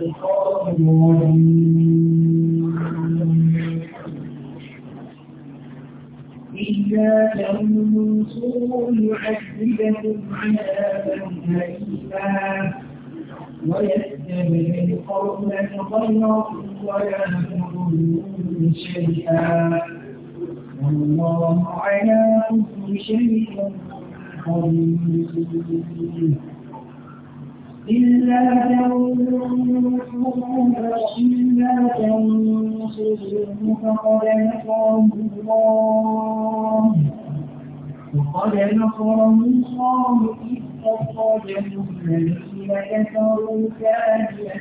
الشيطان الرجيم إلا تنصروا يعذبكم عذابا أليما ويستبدل قوما غيركم ولا تضرون شيئا والله على كل شيء قدير إلا تنصره فقد نصره الله وقد نصره الله إذ أخرجه الذين كفروا ثانية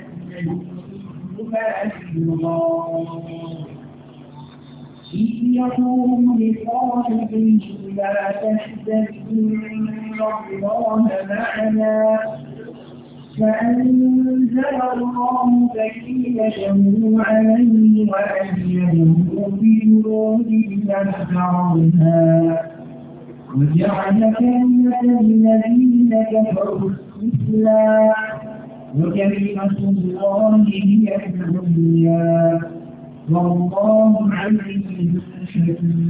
إذ يقول لصاحبه لا تحزن إن الله معنا فأنزل الله سكينته عليه وأيده بجنود لم ترونها وجعل كلمة الذين كفروا السفلى وكلمة الله هي الدنيا والله عزيز حكيم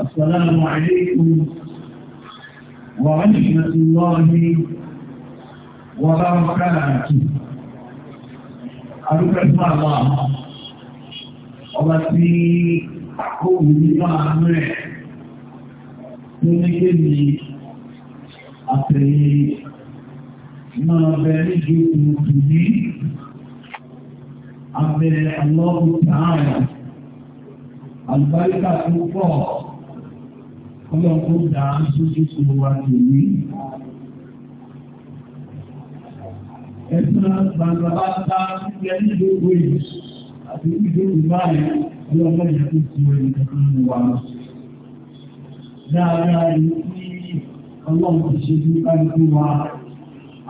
السلام عليكم ورحمة الله وبركاته أرجو الله ọbàtí àkóhùn nípa àánú ẹ̀ tó ní kéèmì àtẹ̀yẹ máa bẹ níjú òkú ní abẹ alọ́rùn tààrà àlùbáríkà tó pọ̀ ọlọ́run kó dá sójú sí wa nìyí. Ẹ̀sán gbàgbà bá dá sí ẹni gbogbo èyí àti ìgbèrú báyìí ní ọjọ́ ìyàtọ̀ sí ẹni kankan ní wa. Dáadáa yìí tí ọlọ́run ti ṣe ní kájú wa,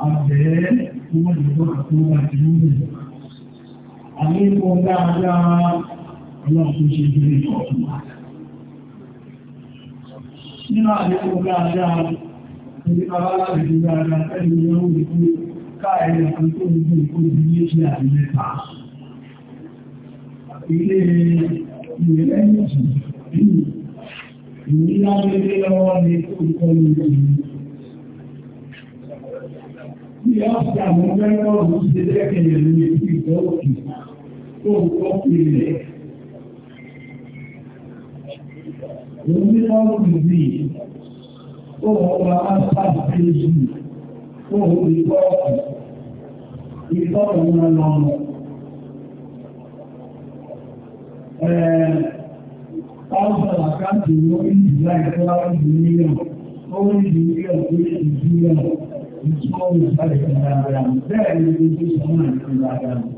àbẹ̀ẹ́ tí wọ́n lè gbọ́ àti wọ́n àti wọ́n lè. Àlékún dáadáa ọlọ́run ti ṣe ní ìkọ̀ọ̀kan nínú àlékún dáadáa ní abala ìlú dáadáa ẹni yóò rí pé káàrí ẹ̀kan tó ń gbé ìkó di méjì àti mẹ́ta. Ilé ìrẹ́lẹ́ méjì ìlú lábẹ́lẹ́ lọ́wọ́ ní orúkọ ìlú. Bí a ṣe àwọn mẹ́rọ̀rùn ṣe lẹ́kẹ̀ẹ́ lórí ìgbọ́ òkè tó ń kọ́ pèlè Terminal disease, or asthma disease, or report, report on a long. Thousand accounts in your design, cloud million, only the year of which is zero, is always like a diagram. There you will do someone in diagram.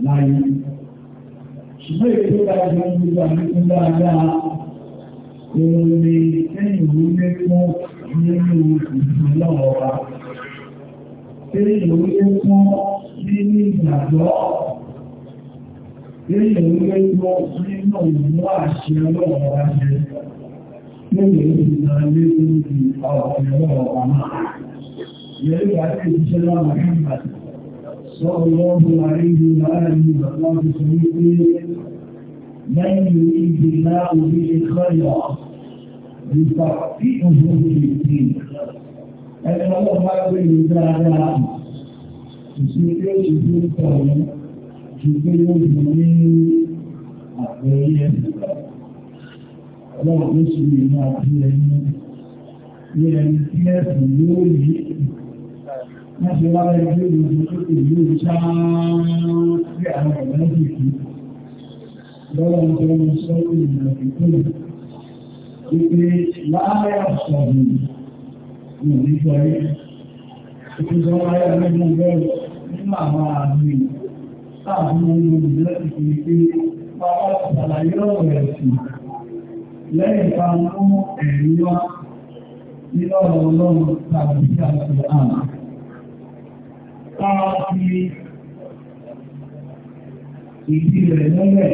Nine. Ṣùgbọ́n èdè ìdájọ́ ìgbà nípa dáadáa òun ni ẹ̀yìn orílẹ̀ fún nínú ìgbìmọ̀ ọba. Ẹ̀yìn orílẹ̀ fún nínú ìgbàgbọ́. Ẹ̀yìn orílẹ̀ fún nínú ìmú àṣẹ ọlọ́ọ̀bá jẹ. Lẹ́yìn ìgbìmọ̀ lẹ́yìn ìgbìmọ̀ ọlọ́ọ̀bá máa. Yẹ́rí àti ìṣẹ́ láwọn ìgbà Sọ́ọ̀lọ́ọ̀bù àríwá àríwá láti sọ wípé lẹ́yìn ìgbìmọ̀ òbí ìkọ́yọ̀ nípa tí ọjọ́ ìlú ti ẹni ọlọ́run bá gbé ìlú dáadáa ìṣe tí ó ti gbé ìtọ̀ ọ̀hún ju pé ó ti ní àpẹẹrẹ ọlọ́run ló ṣe ìlú àti ẹni ní ẹni tí ẹ̀sìn yóò yí wọ́n ti wá ẹgbẹ́ ìlú tó ìlú sáà sí àwọn ọ̀rẹ́ ìlú lọ́wọ́ ìjọba sọ́kùnrin àti ìpínlẹ̀ wípé láàárẹ̀ ọ̀sọ̀rọ̀ ní ìgbẹ́rí. Ìpínlẹ̀ ọ̀rẹ́ ẹgbẹ́ bẹ́ẹ̀ nínú àwọn àmì láàbí wọn ní olùdílé ti fi pé pápá ṣàlàyé ọ̀rọ̀ ẹ̀sìn lẹ́yìn bá mú ẹ̀rí wá ìdí rẹ̀ lẹ́lẹ̀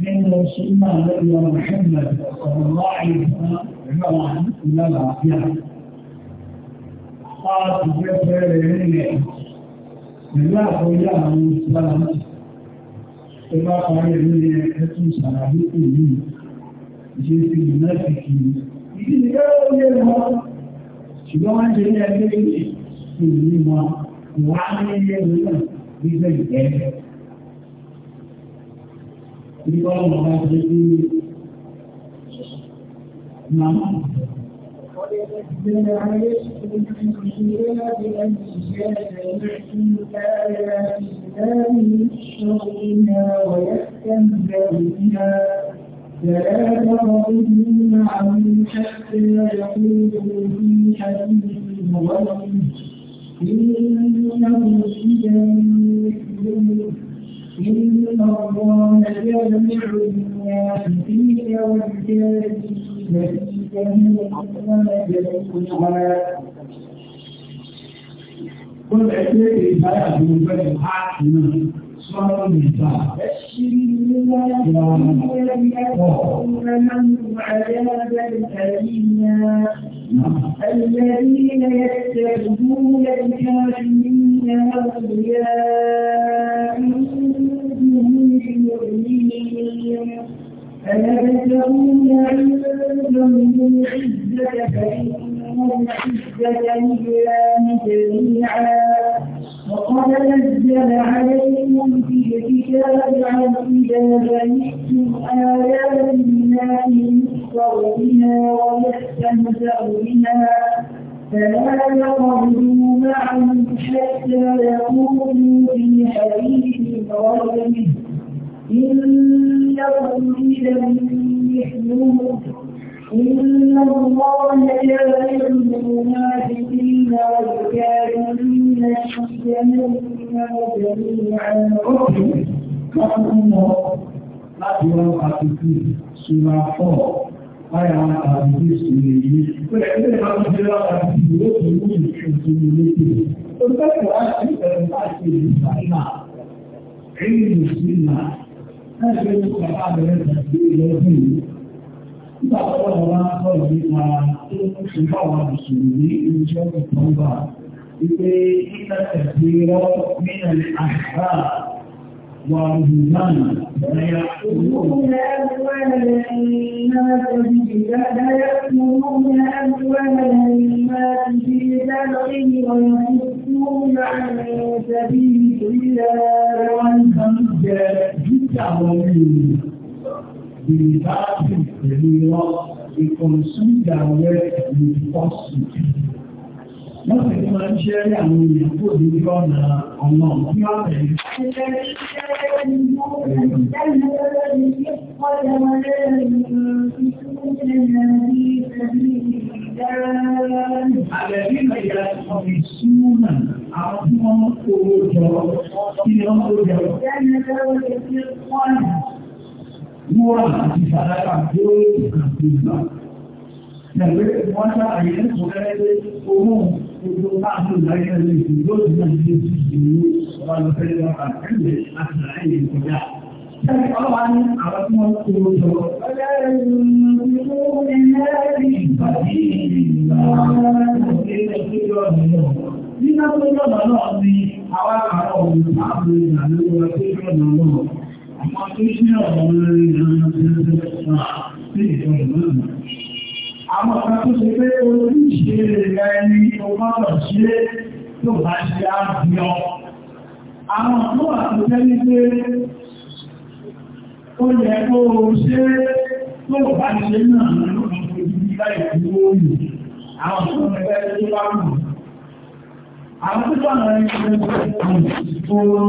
من رسولنا النبي محمد صلى الله عليه وسلم عبارة إلى العافية قال جبر مني الله يا مسلم إذا قال لي أتم سلامتي لي جئت بنفسك إذا قال لي شلون جئت بنفسك وعلي لي بزيت ní ọmọ náà ṣe ní nàmá. فلا تغضبن عنه حتى يقولوا في حديث غيره إنه إذا مثله إن الله يجمع الناس في يوم قل أتيت الحياة من بني حاكم صار النساء بشر الذين يأتون من عذابا أليما الذين يتخذون الكافرين أولياء من المؤمنين فيبتغون عندهم العزة فإن لكم عزة لله جميعا وقد نزل عليكم في الكتاب عن إذا بنيتم آيات الله يكفر بها ويستهزأ بها فلا يقعدوا معهم حتى يقولوا في حديث غيره إنكم إذا مثلهم إن الله يعلم المنافقين والكافرين في جهنم جميعا كم láti wọ́n pàtó sí ṣùgbọ́n fọ́ láyà wọn tàbí sí ìṣòro èyí pẹ̀lú ẹgbẹ́ máa ń jẹ́ lára sí ìwé ìlú ìṣòro létí ó fẹ́kọ̀ọ́ láti ìbẹ̀rẹ̀ láti ìlú sàínà èyí ìlú sínà láti ìlú bàbá rẹ̀ tàbí ìlú ọdún yìí 你把我的歌听完，都唱完，心里有几分一人爱看。的天边，因为了你，为了你，为了你，人了你，为了你，为了你，为你，为了你，为了你，你，为了你，为了你，你，为了你，为了你，你，为了你，为了你，你，the battle the law the consume their wealth with falsehood. wọ́n sì ti máa ń ṣe rí àwọn èèyàn kó ní ọ̀nà ọ̀nà tí wọ́n tẹ̀lé. Àgbẹ̀bí ìgbà ọ̀rẹ́ súnmọ́ àwọn tí wọ́n kó jọ kí ni wọ́n kó jọ wúwà àti sàdára yóò kàtò náà. Ẹgbẹ́ wọ́n ṣá àyẹ́ ìṣòkẹ́lẹ́gbẹ́ owó ojú láàrín láyé lè fi yóò ti náà ṣe ti ìlú ọba lọ fẹ́ lọ àtẹ́lẹ̀ àti láyé ìkọjá. Ṣẹ́ni ọlọ́wà ní àwọn tí wọ́n tó lọ sọ. Ọjọ́ ìlú ní lẹ́rìí ìpàdé ìlú àwọn ọmọ ìlú náà Àwọn tó ṣe pé oríṣẹ́ rẹ̀ ẹni tó mọ́rọ̀ ṣe tó bá ṣe á bí ọ. Àwọn tó wà tó jẹ́ ní pé ó yẹ kó ṣe tó bá ṣe náà lọ́pọ̀ ojú láì fún oòrùn. Àwọn tó mẹ́fẹ́ tó bá mú. Àwọn tó bá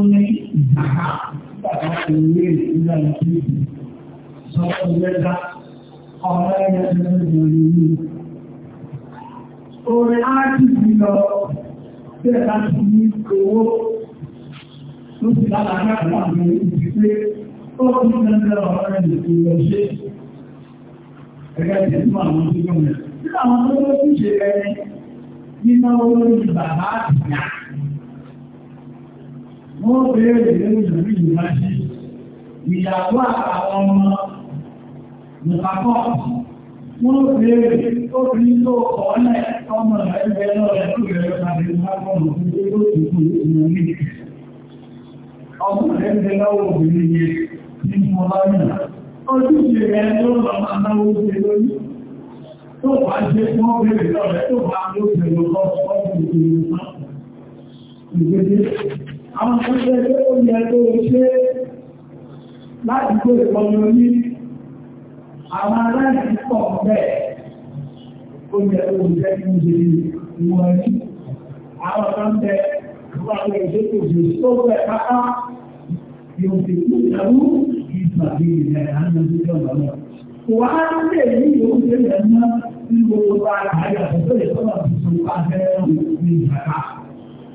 mẹ́rin àti ilé ìpínlẹ̀ ìpínlẹ̀ sọ́pọ̀ lẹ́dá láti ní owó ló sì lára láàrín àwọn ìdílé ó ń tẹ́lẹ̀ ọ̀rẹ́ ìpínlẹ̀ ṣe ẹgbẹ́ ìpínlẹ̀ àwọn tó gbọ́mọ̀ nígbà àwọn tó gbọ́mọ̀ wọ́n béèrè nínú ìlú ìmájí ìyàwó àtàwọn ọmọ nìpapọ̀ wọ́n béèrè obìnrin tó kọ́ ọ́nà ọmọ ẹgbẹ́ náà ẹ̀kú ìrẹ́lẹ́ tàbí ìmákọ̀ọ̀nà fún tó tó kù ìmọ̀ ní ọmọ ẹgbẹ́ náà obìnrin yẹn ní mo bá nà ojúṣe rẹ̀ ló lọ máa náwó ṣe lórí tó bá ṣe wọ́n béèrè lọ́rẹ̀ tó bá ló ṣe lọ́kọ́ ọkùnrin ìgbésẹ̀ àwọn ṣẹ́ṣẹ́ tó yẹ tó ṣe láti gbé ìpọ̀lú ní àwọn aláìsí pọ̀ bẹ́ẹ̀ ó yẹ tó jẹ́ ìjẹ́ ìwọ̀n ní àwọn kan bẹ láwọn ìṣẹ́ tó jẹ́ tó bẹ̀ pátá yóò ti kú ìyàwó ìgbàgbé ilẹ̀ àwọn ìjọba náà wà á lè ní ìyóò jẹ́ ìyàwó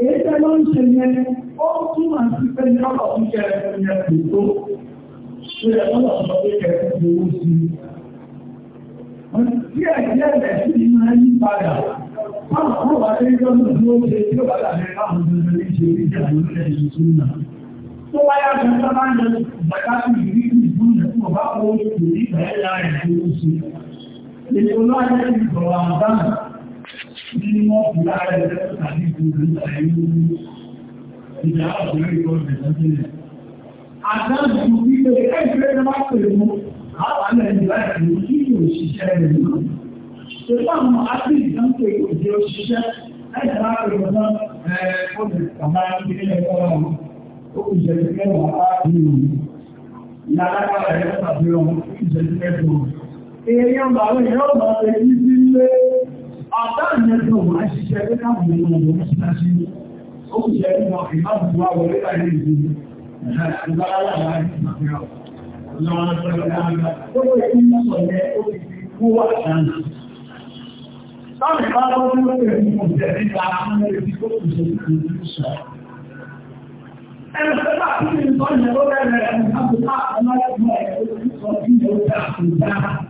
èyí tẹ́ ń ṣe yẹn ó túmọ̀ sí pé ní ọ̀pọ̀ tó jẹ́ ẹ̀yẹ tó ṣe ọ̀pọ̀ tó jẹ́ owó sí Díẹ̀ díẹ̀ rẹ̀ sí ní máa yí padà. Báwọn àwọn wà ní ìjọba tí ó tí ó bá dàbí tí wọ́n fi lára ẹgbẹ́ tàbí gbogbo ẹ̀yìn ìjà àbúrẹ́ ìgbọ́nà ìjọ́sílẹ̀. Àdájú wípé ẹgbẹ́ ẹgbẹ́ máa pèrè mú àwọn ẹ̀yìn láti mú kí yóò ṣiṣẹ́ rẹ̀ mú. Ṣèpá àwọn àtìlì tó ń pè kò jẹ́ òṣìṣẹ́ ẹ̀yìn máa pèrè mú náà ẹ̀ẹ́dẹ̀ bàbá ìpínlẹ̀ ọ̀rọ̀ ó kò jẹ́ ìpínlẹ̀ wà á bí àbáyé ló máa ṣiṣẹ́ pé káwọn ọmọ ọmọ mọ́síláṣí ó kù jẹ́ nínú ìmáàmù wa wọlé láyé ìlú ìgbàlára láyé ìgbàlára lọ́wọ́ ìgbàlára tó wọ́n ti ń sọ yẹ ó ti fi kú wà lánàá. Táwọn ìbá lọ́wọ́ tí ó pè ní ọ̀jẹ̀ níta àwọn ẹbí tó kù sí ìlú sọ. Ẹnu pẹ́lú àti ìsọ̀yẹ̀ ló bẹ̀rẹ̀ ẹ̀mí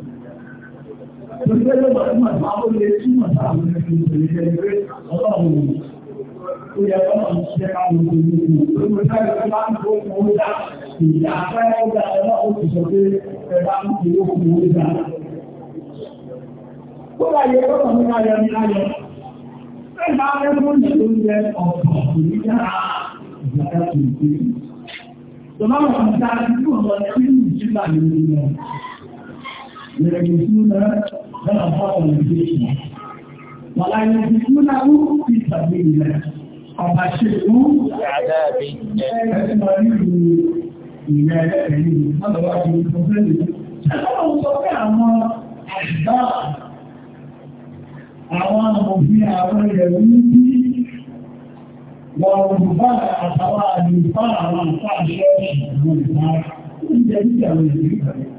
Ìyá àpẹẹrẹ ọjà ẹ̀rọ òṣìṣẹ́ pé ẹ̀dá ń fi ó kú orí dáa. Ó láyé ọ̀pọ̀ ní ayọ̀ ní ayọ̀. Ẹgbà ẹgbùn ní oúnjẹ ọ̀pọ̀ òníjà ìjọba tó ń pè. Tọ́lọ́mọ̀ ọ̀dá ní ọ̀pọ̀ ní ìjìlá ní ilẹ̀. Ìrẹ̀lẹ̀ lọ́nà fọ́ọ̀rọ̀ ìgbésùn. Wọ́n láyé ti kú náà ó fi tàbí ilẹ̀. Ọba ṣe kú Àwọn òfin àwọn ẹ̀rù ní bí wọ́n rùbá àtàwà àdìfà àwọn àpá àṣẹ́ ìṣẹ̀lú ìpá. Ó ń jẹ́ ìjẹ̀ àwọn ìlú ìpàdé.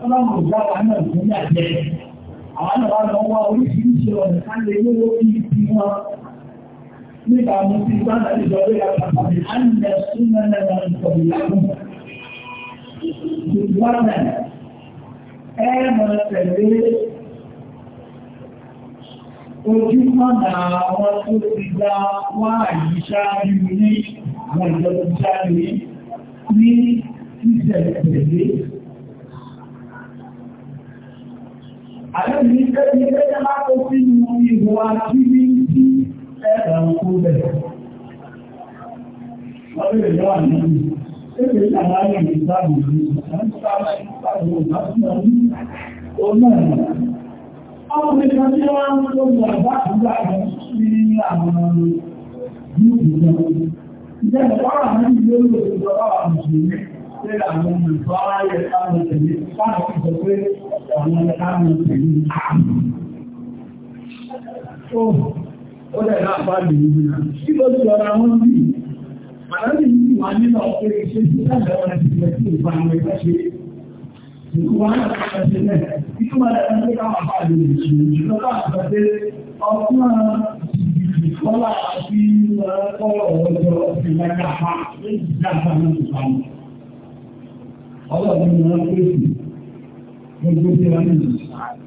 ọlọ́run ìjọba náà fún ní àjẹ́ àwọn náà wá lọ wá oríṣiríṣi ọ̀nà ká lè ní lórí ti wọn nípa mú sí gbọ́nà ìjọba àpapọ̀ àìyẹ súnmọ́ náà ìtọ̀bí lágùn ìgbọ́nà ẹ mọ̀ tẹ̀lé ojúmọ́nà àwọn tó ti gba wá àyíṣáájú ní àwọn ìjọba ìṣáájú ní ìṣẹ̀lẹ̀ tẹ̀lé Àlẹ́bí ẹni ẹjẹ́ lápò sí inú ìwò àjírí sí ẹ̀rànkú bẹ̀. Wọ́n lè lọ́wọ́ nínú ẹgbẹ̀ ìlànà ìgbàmù ní Àwọn ìgbà tí pé àwọn olùkọ́ ayé káwọn tẹ̀lé káwọn ti sọ pé àwọn káwọn tẹ̀lé àmì. Ó ó dẹ̀ náà bá lè níbi náà. Kí ló ti àwọn bí? Àdájọ́ yìí ti wà nínú ọ̀pẹ́ iṣẹ́ tí láti ọ̀rọ̀ ti lẹ̀ sí àwọn ẹgbẹ́ ṣe. Ìkú wa náà ti ṣe náà. Ìkú wa náà ti káwọn ọlọ́run ni wọ́n kéèkì gbogbo tí wọ́n ní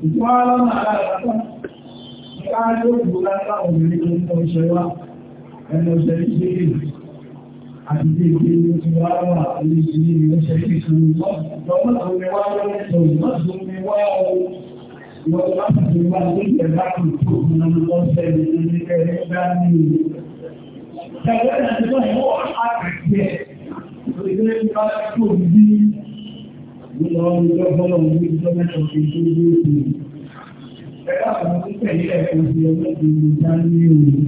ìjọ alọ́nà aláàrẹ̀ta káàkiri òkú látà obìnrin tó ń tọ́ iṣẹ́ wá ẹnu ọ̀sẹ̀ ìṣẹ́ ìlú àti tí ìgbé ní ti wá wà ní ìṣẹ́ ìlú ọ̀sẹ̀ ìṣẹ́ ìlú lọ́mọ́sọ̀rọ̀ nínú ọdún tó bọ́lọ̀ ní ìjọ mẹ́ta ti tó dé òkú. Ẹgbẹ́ àwọn tó tẹ̀lé ẹ̀kọ́ ti ọjọ́ ti mú dá ní òru.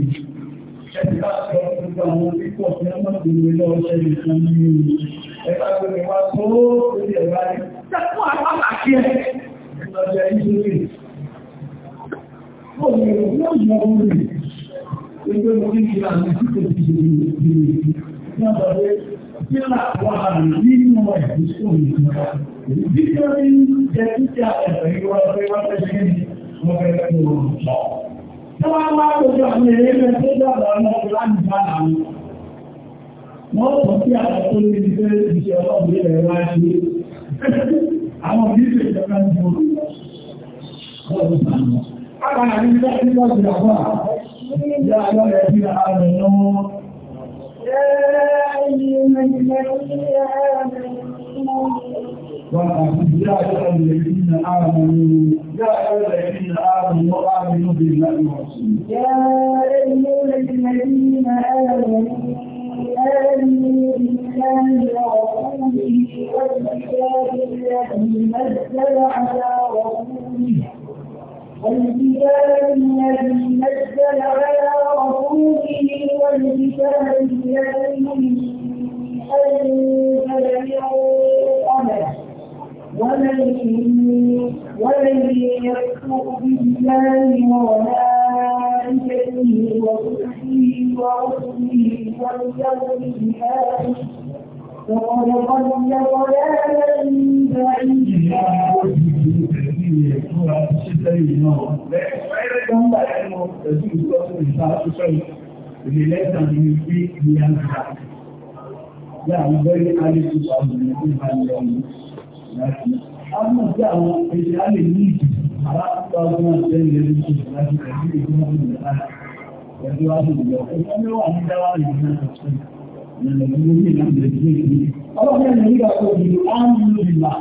Ẹgbẹ́ àti ọdún tó àwọn pípọ̀ tí wọ́n máa gbèrè lọ ọṣẹ nìkan ní òru. Ẹgbẹ́ àgbèrè wa tó lórí ẹ̀rọ ayé. Ṣẹ́kún àwọn àkàkí ẹ̀. Ìlọ́jà ìṣòro. Ó ní ìwọ̀n mọ́ orí. Ẹgbẹ́ mo ní ìlànà tí kò ti ṣe ìrìn pela qual o mínimo é disponível. Vitamin é que a pessoa vai fazer uma pergunta. Então, a palavra de América é toda a nossa grande Wọ́n sọ sí àwọn tó ní ilé iṣẹ́ ọlọ́run ilẹ̀ wá ṣe àwọn ìdíje ìjọba ń bọ̀ ọdún sàmọ́. Àwọn àríwá ìjọba ìjọba ìyá ọlọ́rẹ̀ bí i ààrẹ náà يا أيها الذين آمنوا يا أيها الذين آمنوا وآمنوا بالله ورسوله يا أيها الذين آمنوا آمنوا بالله ورسوله والكتاب الذي نزل على رسوله والكتاب الذي ومن يكفر بالله وملائكته وكتبه ورسله واليوم الآخر فقد ضل ضلالا بعيدا. Ìrìnlẹ́ta tó sọ̀rọ̀ àwọn ọ̀gá àwọn ẹ̀ṣẹ̀ á lè ní ìdí aláàbò àwọn ọ̀gá ilẹ̀ ní ìṣẹ̀lẹ̀ láti ẹ̀jú ìgbìmọ̀ ìgbìmọ̀ pẹ̀lú àbùdó ẹ̀ṣẹ̀ ní wà ní dáwà ìgbìmọ̀ ọlọ́pàá ẹ̀yìn nígbà tó di áńlù ìlà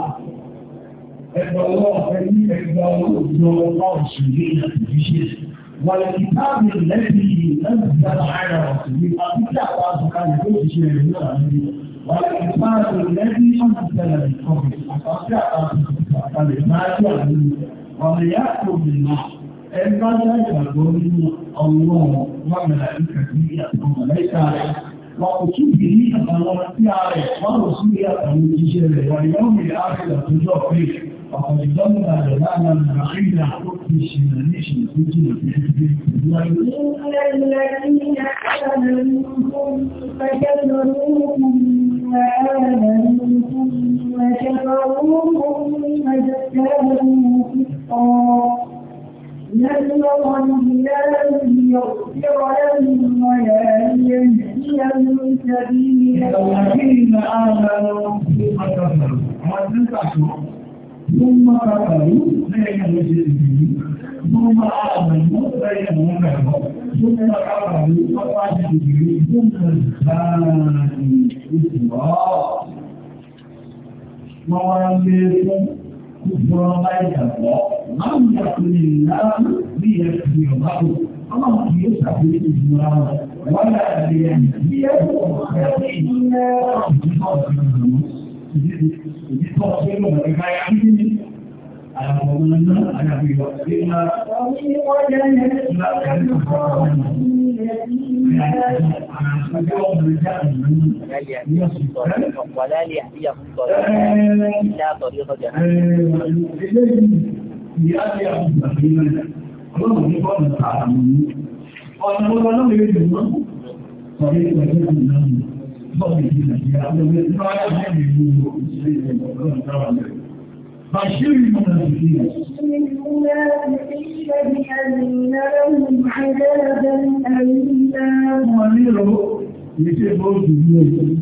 ẹgbẹ̀rún ọ̀fẹ́ ní ẹgbẹ̀rún òjò ọlọ́pàá òṣèlú ìṣẹ́ والكتاب الذي أنزل على رسوله أبدا وأبدا لكل شيء من والإثبات الذي أنزل من قبل فالإثبات يعلم ومن يأكل بالله إلا يجعل الله وملائكته يأكل ليس عليه وكتبه أمر في عليه ورسله أمر الجزيرة واليوم الآخر تجوع فيه فقد ضمن لنا العقيدة في الشمالية التي في الذين آمنوكم فكفروكم وآمنوكم وكفروكم وزكاهم فسقا نذرا الله يغفر لهم ولا يهديهم سبيلا الذين آمنوا وكفروا ثم قالوا بين وجههم ثم آمنوا بين وجههم ثم قالوا فقد جئتم الزاني إسراء مواليكم كفر ما يتقى لم يكن الله ليكفر الله يسعد الإجماع ولا ليهديه خير إلا رب العالمين ولا ليهديهم ضلالا إلا طريق جهنم. بشر المنافقين بأن لهم عذابا أليما وليروا يتبعوا الدنيا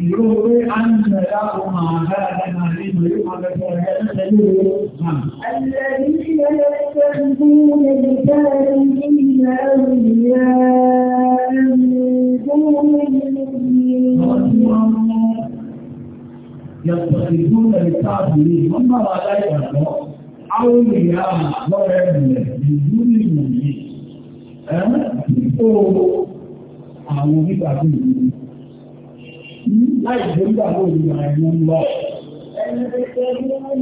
يروي أن لهم عذابا أليما الذين يتخذون بكارهم إلى أولياء yàtọ̀ ìgbóhùn ẹ̀rí káàbù ní mọ́mọ́ aláìgbàgbọ́ àwọn ènìyàn lọ́rẹ̀ ẹ̀rẹ̀ ìlú nìlú yìí ẹ̀ tó àwọn onígbàgbọ́ ìlú láì gbẹ́gbàgbọ́ ìlú àìmọ́ lọ. Ìgbà tí wọ́n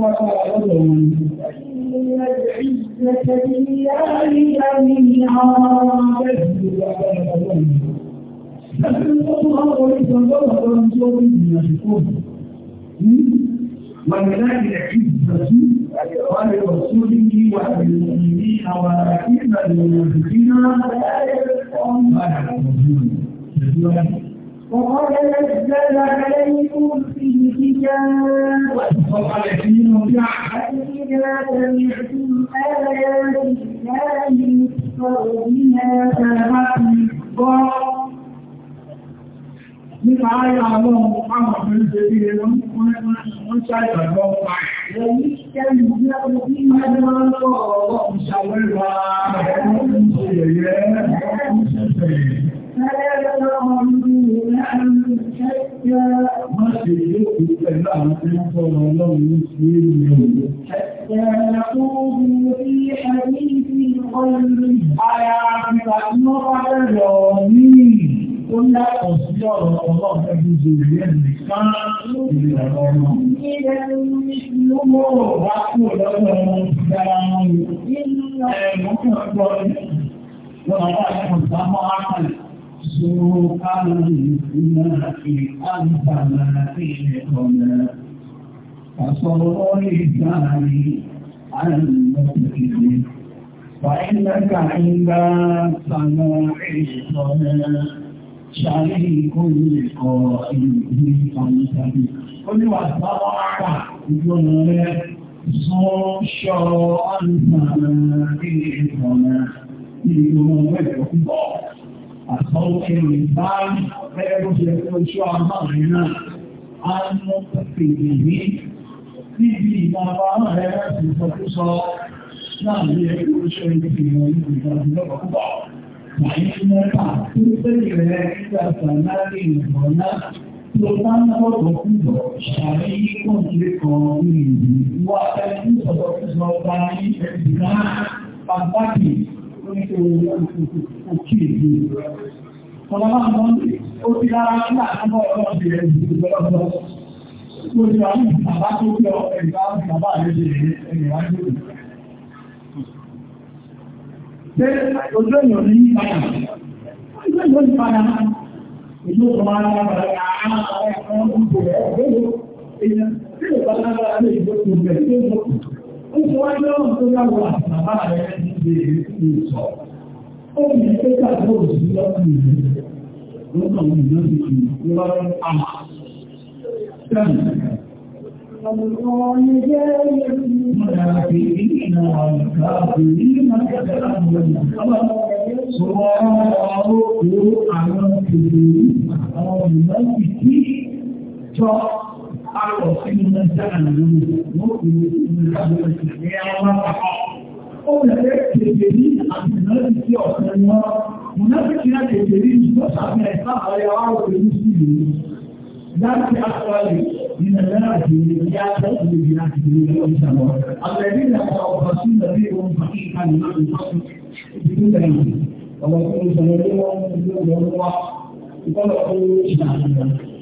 wá sára lọ́dọ̀ wọn إن العزة لله جميعا ولله العزة ولرسوله وللمؤمنين ولكن المنافقين لا يستطيعون وقد نزل عليكم في الكتاب فإذا سمعتم آيات الله يكفر بها فحقا Nípa ayá àwọn ọmọ ìgbèdè wọn wọ́n ṣàìgbàgbọ́ pa ẹ̀yí kẹ́lù bí a kò bí máa ń máa ń lọ́ọ̀ọ́ ìṣàwẹ́rẹ̀ wa ẹ̀rọ ìṣẹ̀lẹ̀ فلا يرهم حتى يقولوا في حديث على عقبة مرة يومين قل لا الله بجريان نكان إلى الأمم إذا مثله وقل لهم سلام إلا المكبر ولا يحب سوقا لنا في أنفسنا فصلي عن المسجد وإنك عند سماع الصلاة شريك لقائمه فانتبه قل وسمعك جل صوشا عن سماع الصلاة àtọ́wọ́kẹ́ ìbáàmì gẹ́gẹ́ bó ṣe fún oṣù àmàrin náà a ń mú pèpè ní níbi ìgbàmbá rẹ̀ láti ìfọ̀kúsọ náà ní ẹgbẹ́ oṣù ìgbìmọ̀ ní ìgbàmbá púpọ̀ wàyí mẹ́ta tó tẹ́lẹ̀ rẹ̀ nígbà sàmárì ìgbọ̀n náà tó sọ̀rọ̀ sọ̀rọ̀ bá ní ẹ̀dùn náà pàtàkì Ṣé ojú ènìyàn ní ìpàdà? Ojú ènìyàn ní ìpàdà. Ojú ọmọ alábàá àwọn àwọn ọmọ ìgbòrò ẹgbẹ́ ìgbòrò èèyàn tí ó bá lábàá lè gbòrò ẹgbẹ́ ìgbòrò. Oṣù wá ní ọ̀rùn tó yá wà bàbá rẹ̀ ti bèèrè sí ìsọ̀. Ó yẹ pé káàkiri òṣù lọ́sùn ìlú. Lọ́nà òun ìlú ti fi قالوا إن سأل المؤمن من الأمر الإسلامية والصحابة قول كثيرين عن المنافق في أسلامها منافق هناك كثيرين يصعب من إطلاق ويراه بالمسلمين ذلك أكثر من الناس يعتقد بجناح الدين والإسلام الذين يتوفون بهم حقيقة من الفصل بدون تنازل ويكون سنويا يوم الله يطلقوا إلى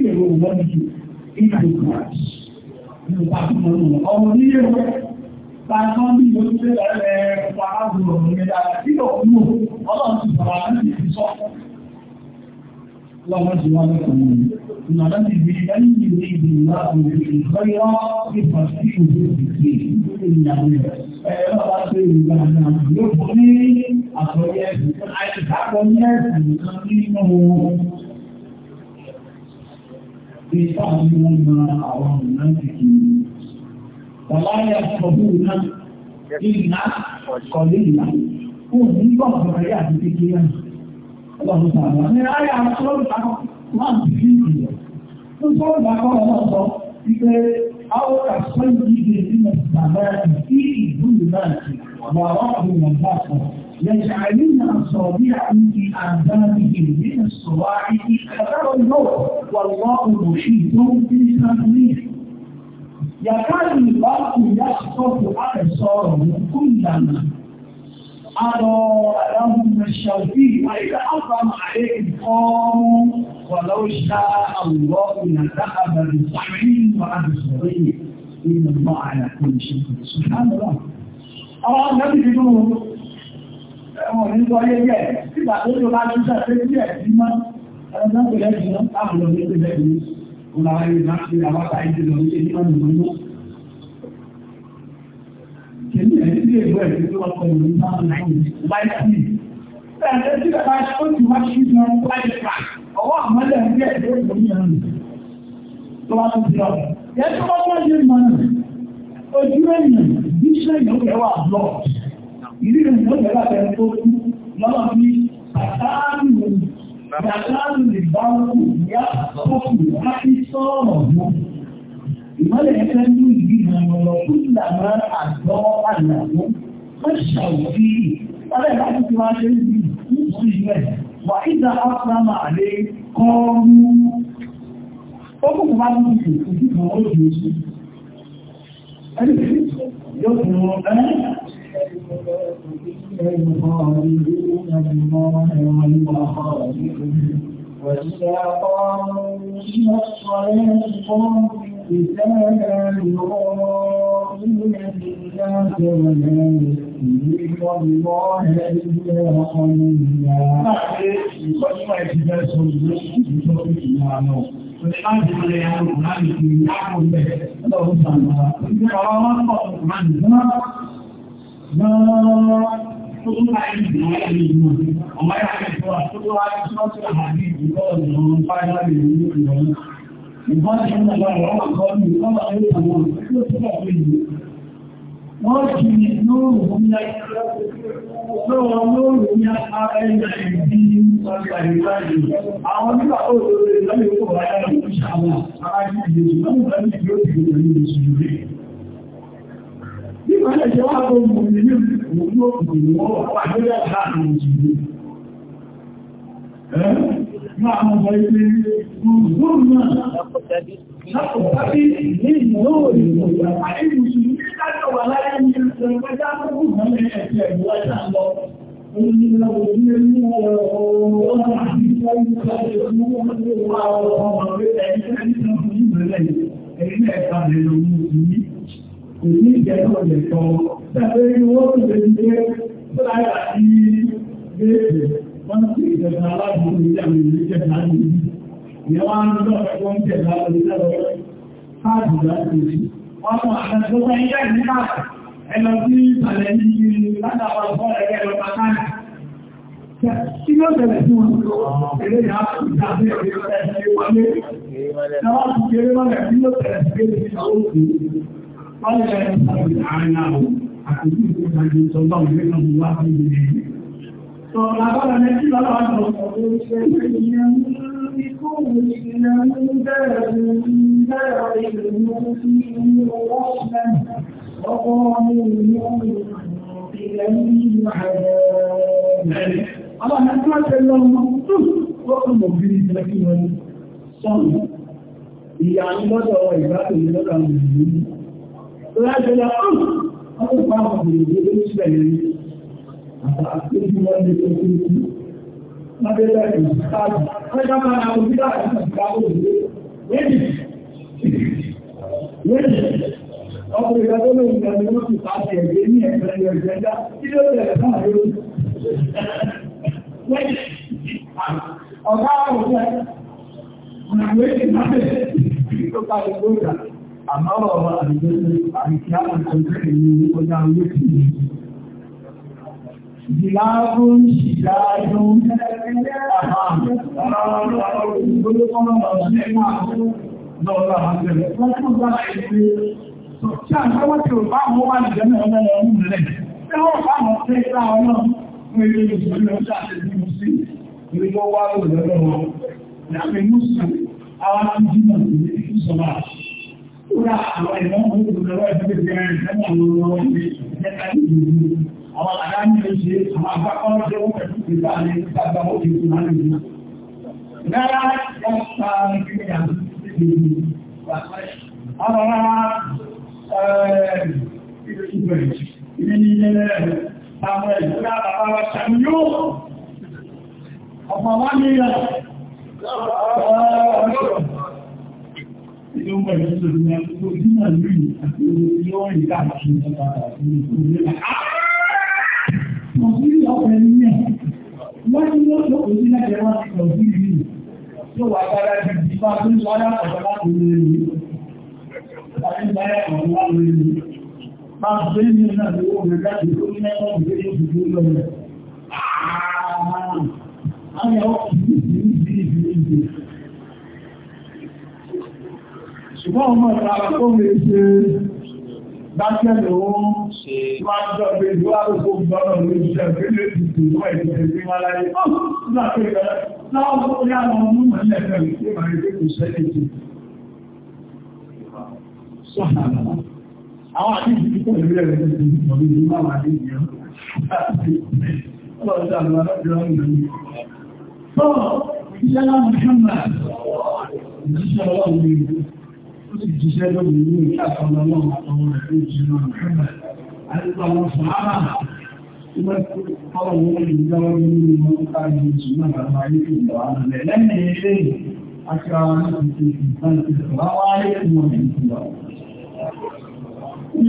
sí èrò ìwọ́nì jù nínú ìgbàlódé. Nínú pàtó mọ̀ ọmọ nílé rẹ̀ pàtó bí ìlú tó lè rẹ̀ pa áàbò ọ̀rọ̀ yẹn dára tí yóò mú ọlọ́run ti bàbá láti fi sọ. Lọ́wọ́ ti wá lẹ́kọ̀ọ́ mi. Ìnàdá ti di lẹ́yìn ìwé ìgbìmọ̀ àbòrò ìgbọ́yọ́ nípa sí ìwé ìgbìmọ̀ ẹ̀rọ bá ṣe ìgbà náà yóò fún ní àtọ̀yẹ̀sì àìsàkọ̀ ní ẹ̀sìn kan nínú bí sáàmì wọn máa àwọn ọ̀nà ti kì í. Wàláyà ọdún iná ìlà kọ̀lé ìlà. Ó ní gbọ́dọ̀ ayé àti kékeré náà. Ọlọ́run sàrà ní ayé àtúrọ̀lá máa ń fi ìlẹ̀. Tó sọ́rọ̀ bá kọ́ ọmọ sọ wípé àwọn kàṣọ́ ìdíje nínú bàbá rẹ̀ sí ìbúlù náà wà wá àwọn ọ̀gá kan. يجعلن أصابعهم في أعدادهم من الصواعق أثر النور والله محيط بفضله يكاد البرق يخطف أبصارهم كلما أرى لهم الشوفي وإذا أظلم عليهم قاموا ولو شاء الله لذهب بصحيح وأبصارهم إن الله على كل شيء سبحان الله. أرى النبي يقول ẹ̀wọ̀n ní sọ yé yẹ nígbà tó tó bá tún sàté sí ẹ̀ sí mọ́ ẹ̀rọ tó lẹ́ jùlọ táwọn lọ ní ìpínlẹ̀ ní ọlọ́wọ́ yóò máa fi àwọn àtàyè ti lọ sí ẹni ọ̀nà ìlú. Kìí ẹ̀ sí ègbò ẹ̀ tó wọ́n kọ ìlú náà náà láì sí. Bẹ́ẹ̀ ni tí bàbá ó ti wá sí ìjọ láì fà ọwọ́ àmọ́lẹ̀ ń bẹ̀ tó kò ní ẹ̀rọ tó wá tún ti lọ. Yẹ́n tó bá wọ́n yé mọ́ ojú ẹ̀yìn bí iṣẹ́ ìyókè wà ìdí rẹ̀ ló bẹ̀rẹ̀ àbẹ̀ tó kú lọ́nà bí àtàlù àtàlù lè bá wù yá tókù láti sọ̀rọ̀ mọ́. Ìmọ̀lẹ̀ ẹgbẹ́ ní ìdí ìrànlọ́ lọ kó ìlànà àjọ àlàmú wọ́n ṣàwùjí lábẹ́ láti fi máa ṣe ń bí ìtú ìwẹ̀ wà ìdá áfúrámà àlé kọ́ọ̀mù. Ó kò bá ní ìdí ìdí ìdí ìdí ìdí ìdí يخالفون الله والمخالفون وإذا قاموا إلى الصلاة قاموا كتابا يرائون الناس ولا يسلمون الله إلا قليلا. Ìpàdé ìrìn àwọn ọ̀rọ̀ àti ìyá àwọn ọ̀bẹ̀ lọ́wọ́ sàmà. Ìgbẹ́ ọ̀rọ̀ ọ̀pọ̀ ọ̀pọ̀ Wọ́n Àwọn nígbà ó lóòrùn lọ́wọ́ ìwọ̀n ayára ìpínṣà àwọn ará ìdíje, lọ́wọ́ ìdíje ó ti gbogbo ìrìnlẹ̀ ìṣòro. ìpínlẹ̀ ṣe wá tó mú ní ní ìlú wọ́n wà ní ẹ̀dá ìrìnjìnlẹ̀. Ẹ́ máa mọ̀ bá ilé náà kò ní ìjẹ́kọ̀ ọ̀jẹ̀ kan tàbí ní wọ́n tó lè ní pé láyà sí léèdè wọ́n sì ìjẹta aláàbò ní ìjàmì ní ìjẹta ní ìyẹn wọ́n ń lọ ẹ̀kọ́ ń jẹta lórí lọ́wọ́ káàdì láti rí wọ́n mọ̀ àtàkùn ọmọ ìyá ìlú káàdì ẹlọ sí ìsàlẹ̀ ní ìlú látàwọn ọ̀pọ̀ ẹ̀rẹ́ ẹ̀rọ pàtàkì Kí ló bẹ̀rẹ̀ sí wọn? Èlé ìyá ìdájẹ́ ìrẹ́lẹ̀ ìwọlé. Náwà ti kéré mọ́lẹ̀ kí ló bẹ̀rẹ̀ sí ọlẹ́ àárín àwọn àti ní ilé ẹ̀. Sọ àbára mẹ́tí lọ́wọ́ ní kó wù tó kọ́ mọ̀ bí ìjẹ́ lọ́dọ̀ ìgbàkùnrin lọ́dọ̀ ìlú lájọ́lá ọ̀pọ̀ àwọn obìnrin tó ń ṣẹlẹ̀ ní àtàkùn wọn ní ojú ojú lábẹ́lẹ̀ ìsáàbù ọjọ́ máa na ojú láti ìgbà òjò lẹ́yìn lẹ́yìn ọkùnrin ìgbà tó lóun ìgbà ni wọ́n ti pàṣẹ ẹ̀gbẹ́ ní ẹ̀fẹ́ ní ọjọ́ ẹ̀dá tí ló bẹ̀rẹ̀ náà ló lẹ́yìn ọ̀gá àwọn ọ̀gá àwọn ìgbà tó lóun ìgbà àmọ́ ọ̀rọ̀ àdìjọ́ àti kí á kàn tó kéré ní ọjà orí òkè ní. Ìlàábù ń ṣìdájú Lọ́la àjẹ́lẹ̀ fún fún bá ẹgbẹ́ tí a ń gbọ́wọ́ tí ò bá mọ́ wà nìjẹ́ náà mẹ́rin ọmọ rẹ̀. Tí wọ́n bá mọ́ sí ìgbà ọmọ fún ilé ìṣẹ́lẹ̀ ọjọ́ àti ìlú sí ìlú wọ́wọ́ wà lọ́wọ́. Ìyàfẹ́ Mùsùlùmí, àwọn àjíjìnà ìlú ìṣọ́lá. Ìgbà àwọn ìwọ̀n mú ìgbẹ̀rẹ̀ ìgbẹ̀rẹ̀ ìgbẹ̀rẹ̀ àwọn ọmọ ìgbẹ̀ta ìgbìyànjú. Àwọn àdá ní ló ṣe àwọn àpapọ̀ ọjọ́ òun pẹ̀lú ìgbà ní ìgbàgbà ó ti kú máa lè ní. Rárá, wọ́n pa ìgbìyànjú sí ìgbìyànjú. Àwọn ará ìgbẹ̀rẹ̀ ìgbẹ̀rẹ̀ àwọn ìgbẹ̀rẹ̀ àbàbà wa ṣàmúyó. Ọ̀pọ̀ wá ní ọ̀rọ̀ yóò mọ̀ ní ṣòro ní àkókò dínà lórí àti yóò rí káàkiri nípa ìṣòro Kọ̀sílì ọ̀pẹ ní ẹ̀. Wọ́n ní wọ́n tó kò sí lẹ́jẹ̀ wá sí kọ̀sílì yìí. Tó wà dára ju ìfipá tó ń lọ alákọ̀ọ́ láti lè rí. Tàbí báyà kan wá lè rí. Máa gbé ní ọ̀nà tó wọ́n rẹ̀ láti ló ní ẹ̀kọ́ ìgbé yóò fi gbé lọ rẹ̀. Àwọn ọkùnrin kì í sí ìdílé ìdílé. ṣùgbọ́n ọmọ ìrara tó lè ṣe dákẹ́lẹ̀ ohun máa jọ pé ìwárògbò gbọ́nà lórí ìṣẹ́gbẹ́ lè ti tè mọ́ ìṣẹ́ sí wá láyé náà pé ìrọ̀lẹ́ náà ó ní àwọn ọmọ ìmọ̀lẹ́ pẹ̀lú pé màá rí kò sẹ́lẹ̀ ti àwọn àdíjì púpọ̀ ìlú ẹ̀rẹ́ ti mọ̀lú ìlú máa wà ní ìyàn ọlọ́ọ̀dá àwọn alájọ́ ìrìn Ìjẹ́lá Mùsùlùmí, ìjíṣẹ́ ọlọ́run ní ìlú ó jíṣẹ́ lórí ní ìkàtọ̀lọ́ lọ́wọ́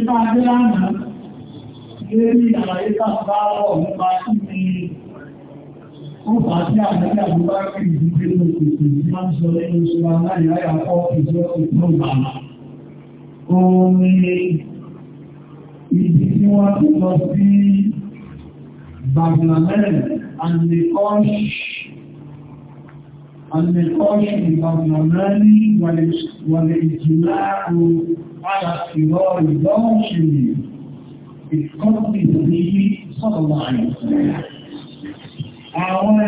àwọn ilé ní àlàyé tá bá rọ̀ nípa sí ó fà á sí àgbẹ̀bí àgbẹ̀bá kì í dìde ní òkèkè tí wọ́n sọ nínú ìṣúra láì láyà kọ́ ìjọ ìpínlẹ̀ ìbàmà. Omi ibi tí wọ́n ti lọ sí Bangladesh Anikosh Anikosh Bangladesh wàlẹ̀ ìjìlá àyàfìrọ̀ ìdánwò ṣe ìkọ́sí sí sọ́dọ̀ àwọn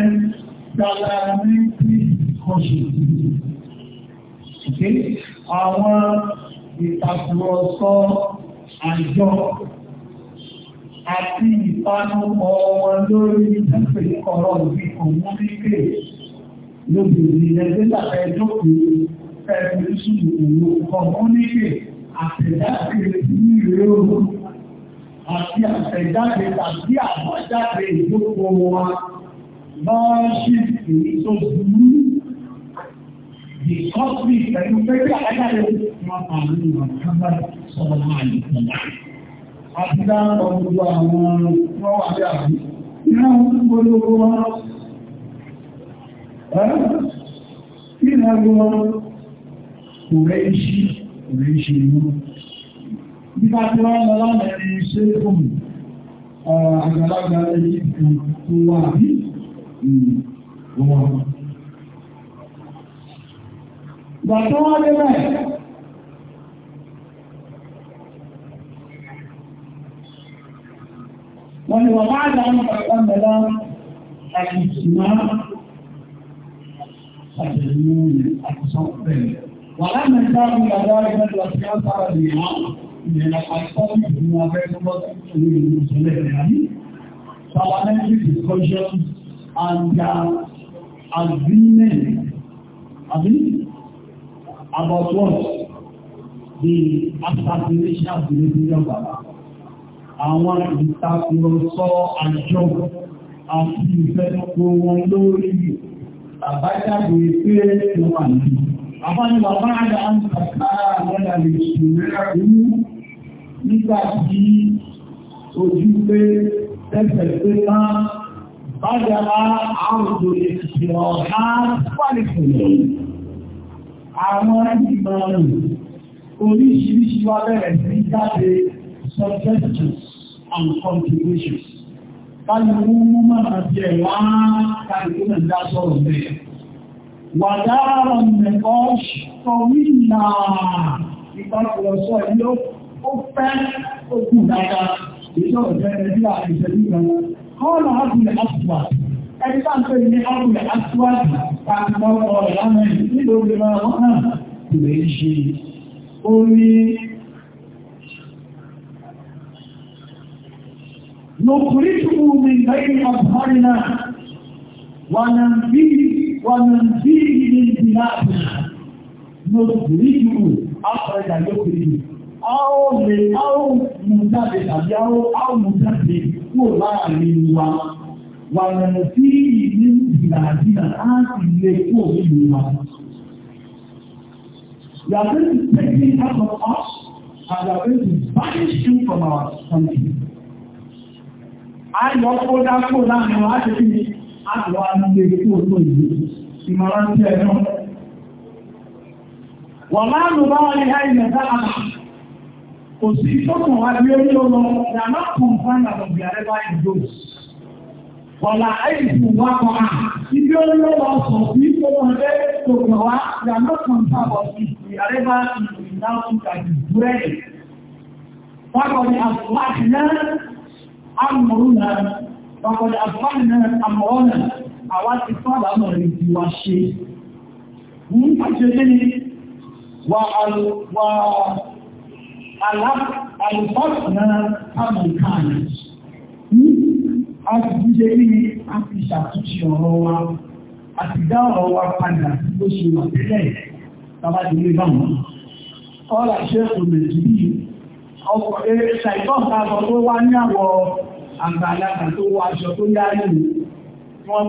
galamity consciousness àwọn ìtàkùrọ̀sọ àjọ àti ìpanupọ̀ wọn lórí ìtẹ́pẹ̀ ọ̀rọ̀ òbí kòmúníkè lóbìnrin ẹgbẹ́ta ẹjọ́pẹ̀ ẹgbẹ́sùn òwò kòmúníkè àtẹ̀jáde ní ìrẹ́ òun àti àtẹ̀jáde tàbí àbájáde ìjókòó wọn máa ṣì sí tó burú ìkọ́sí pẹ̀lú pẹ́pẹ́ àjáde wọn àwọn ìwọ̀nkábà sọ̀rọ̀ àìsànlá. Àbúdá ọgbogbo àwọn ọwọ́ àjá àrí. Iná gbogbo wọn. Kí ni a gbọ́ kò rẹ̀ iṣi, kò rẹ̀ iṣi inú. Nípa tí wọ́n lọ lọ́nà ẹni ṣe fún àgbàlagbà ẹni tó wà bíi wọn. wọ́n dé bẹ́ẹ̀. Wọ́n ni wọ́n mẹ́lá àti ìsìnmá àtẹ̀lú àti sọ́pẹ̀. Wà láàmì dáàbò ìyàwó ìgbẹ́jọ àti ọ́sára ìyàwó ìyẹ̀lá àti sọ́pẹ̀ ìgbìmọ̀ abẹ́ tó lọ́sọ̀rọ̀ ìlú ìṣẹ̀lẹ̀ ìrìnàmí. Parliamentary discussions and their agreement agree about what the assassination of the Nigerian Baba. Àwọn ìtàkùrọ̀sọ àjọ àti ìfẹ́kò wọn lórí àbájáde pé wọ́n wà ní. Àbáni bàbá àdá ń kàkà lọ́nà lè ṣùgbọ́n ìlú nígbà tí ojú pé tẹ́sẹ̀ pé máa bájára àwùjọ ìṣẹ̀ ọ̀há pàlìkùnlẹ̀. Àwọn ìmọ̀ràn oríṣiríṣi wá bẹ̀rẹ̀ sí jáde suggestions and contributions. Kálùkú mú mọ́nà ti ẹ̀wà kálùkú náà dá sọ̀rọ̀ bẹ́ẹ̀. Wàdáàrọ̀ mẹ́kọ́ sọ̀wìnà ìpapọ̀lọ̀sọ̀ yóò ó fẹ́ ó kù dáadáa. Ìjọ́ ìfẹ́ ẹgbẹ́ àìṣẹ́lú ìgbàlá kọ́ọ̀lù ábùlẹ̀ àtùwà ẹni tá à ń pè ní ábùlẹ̀ àtùwà ta mọ́ ọ̀rẹ́ lámẹ́rin nítorí máa wọ́n náà kò lè ṣe orí nukuritu mi bẹ́ẹ̀ ọ̀pọ̀rìnà wọ̀nàbí ní ìdílá nukuritu afẹ́dà yóò kiri a ó tàbí a kúrò láàrin wa wà lẹ́nu sí ìlú ìgbàdínà á sì lè kúrò nínú wa. We are going to take him out of us and we are going to banish him from our country. Ayọ̀ kó dákò láàrin wa ṣe kí ni àlọ́ anúgbèrè kó tó ìlú ìmọ̀ràn tí ẹ̀ náà. Wọ̀n máa ń lò bá wọn ní àìyàn dáadáa kò sí tọ́kàn wá bí ó ní ó lọ ní àmà kọ̀ǹfàǹdà lọ́bì àrẹ́bá ìdòs. Ọ̀là àìsùn wá kọ́ à, ibi ó ní ó lọ sọ̀ sí tó wọn lé tọkàn wá ní àmà kọ̀ǹfàǹdà lọ́bì àrẹ́bá ìdòs فقد أصلحنا أمرنا فقد أصلحنا أمرنا àwọn ti fọ́bà mọ̀ rí ti wá ṣe. Mú àṣẹ́lẹ́ ni wà àlùfọ́ọ̀nà amẹ́ríkàní. A ti jíjẹ ní a ti ṣàtúnṣe ọ̀rọ̀ wa, a ti dá ọ̀rọ̀ wa padà bó ṣe wà tẹ́lẹ̀ tàbá ti lé bá wọn. Ọ̀rọ̀ àṣẹ òmìnirí, ọkọ̀ ṣàìtọ́ ìtàkọ̀ tó wá ní àwọ̀ àgbàlagbà tó wọ aṣọ tó yáyé wọ́n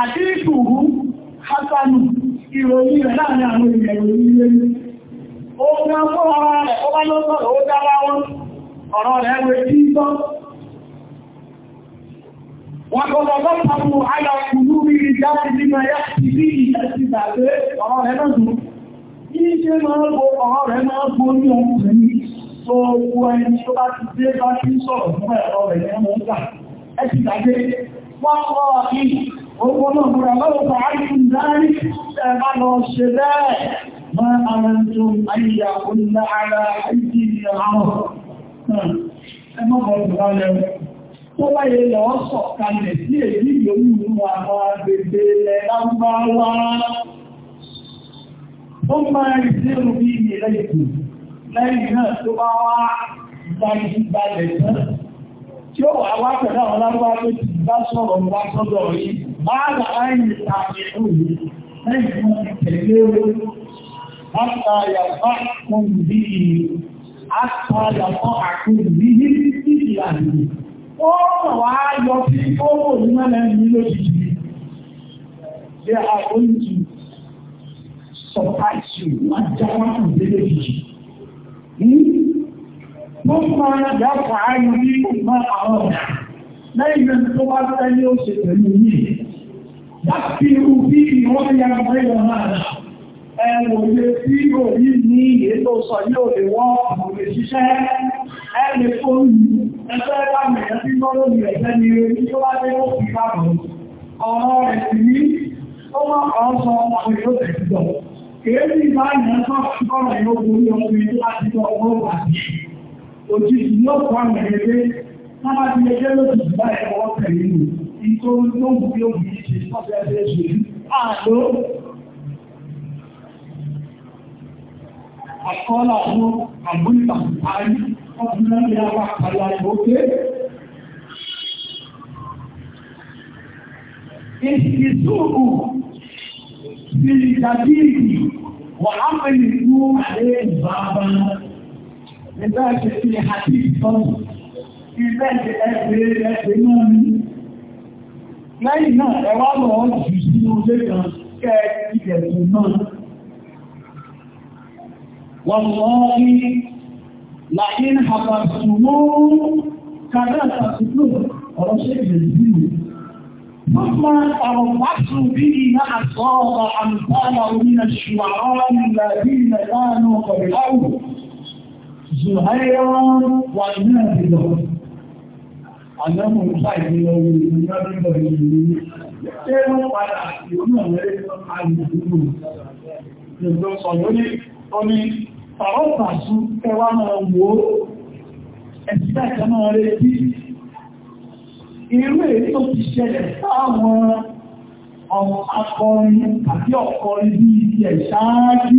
Àdíríkù hù Hasanu ìròyìn rẹ̀ láàrin àwọn ènìyàn ìròyìn ilé. Ó máa rẹ̀ ó bá lọ́sọ̀ ó dára wọn, ọ̀rọ̀ rẹ̀ wẹ̀ tí tọ́. kọ́ lọ bá pàmù ìlú rírí jáde nínú ẹ̀yà ti rí ìtẹ́sí ọ̀rọ̀ rẹ̀ náà dùn. wọ́n kọ́ Ọgbọ́nà ọ̀pọ̀lọpọ̀ àìsìn dárí ẹ̀bá lọ ṣe bẹ́ẹ̀ máa àrẹ́ntún àyíyà orílẹ̀ ara àìsí àwọn ẹmọ́bọ̀lọpọ̀ tó wáyé lọ sọ̀kalẹ̀ sí èyí yóò àwọn agbègbè lẹ́lámbáwá. Ó máa rí sí ẹrù bí ilẹ̀ ìkù lẹ́yìn náà tó bá wá gbajú-gbalẹ̀ tán tí ó wà wá pẹ̀lú àwọn lábáwá tó ti bá sọ̀rọ̀ wá sọ́dọ̀ yìí. بعد أن يستعملوه نجم تكلمه حتى يضعكم به حتى يضعكم به إلهي Ọ̀rọ̀ wá yọ sí Dákìrù bí ìwọ́n ya mẹ́rin máa rà. Ẹ̀wọ̀n ilé tí ó yí ní èyí tó sọ yóò lè wọ́n àwọn òṣìṣẹ́ ẹ̀rẹ̀ fóònù ẹgbẹ́ bá mẹ́rin tí lọ́rọ̀ ní ẹ̀gbẹ́ ni orí tó wá dé ó fi káàkiri. Ọ̀rọ̀ ẹ̀sìn ní ó máa kàn sọ ọmọ ìlú ẹ̀sìdọ̀. Kèéjì máa ń yẹn sọ́ọ̀ kọ́rọ̀ ìlú orí ọkùnrin tó láti lọ ọgbọ́n àti òjijì yóò kọ́ àwọn ẹgbẹ́ ìtò lóògùn bí ó bí ṣe sọ́fẹ́ ẹgbẹ́ ṣe rí ààrẹ àkọọ́lá fún àgbóìtà àárí ọdún lẹ́yìn àwọn àkàlà ìgbókè ìsìnkú sí ìdàdíìdì wà á pẹ̀lú fún ààrẹ ìbába nígbà ìṣẹ́ sí àti ìtọ́nù ilé ẹgbẹ̀ẹ́ ẹgbẹ̀ẹ́ náà ní lẹ́yìn náà ẹwà lọ jù sí oúnjẹ kan kẹ́ ìdẹ̀kùn náà wọ́n lọ rí láyín àpàtùmọ́ kàdáta ṣùgbọ́ ọ̀rọ̀ ṣe ìrẹ̀lẹ̀ Mọ́mọ́ àwọn pàtó bí i náà sọ́ọ̀rọ̀ àmìtàlà àjọ́mù ìpàdé ọwọ́ ìrìnlọ́dúnbọ̀ ìrìnlẹ́ tí ó padà ìrìnlọ́ rẹ̀ alìdúrù ìjọ sọ̀rọ̀ ní omi pàrọ́pàṣú ẹwà máa wò ó ẹ̀sìdá ìjọmà rẹ̀ bí irú èyí tó ti ṣẹlẹ̀ sáwọn ọmọ akọrin tàbí ọkọrin bí ẹ̀ṣáájú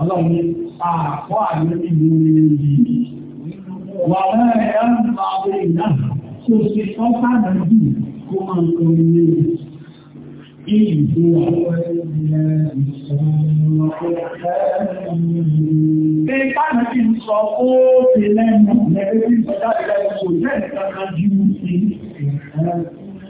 ọlọ́run ní àpọ́ àlórí lórí wà lẹ́rẹ̀ ẹ̀rùn àwọn èèyàn kò sí ọ́pá náà jù kó máa kọ ilé ìlú àwọn ènìyàn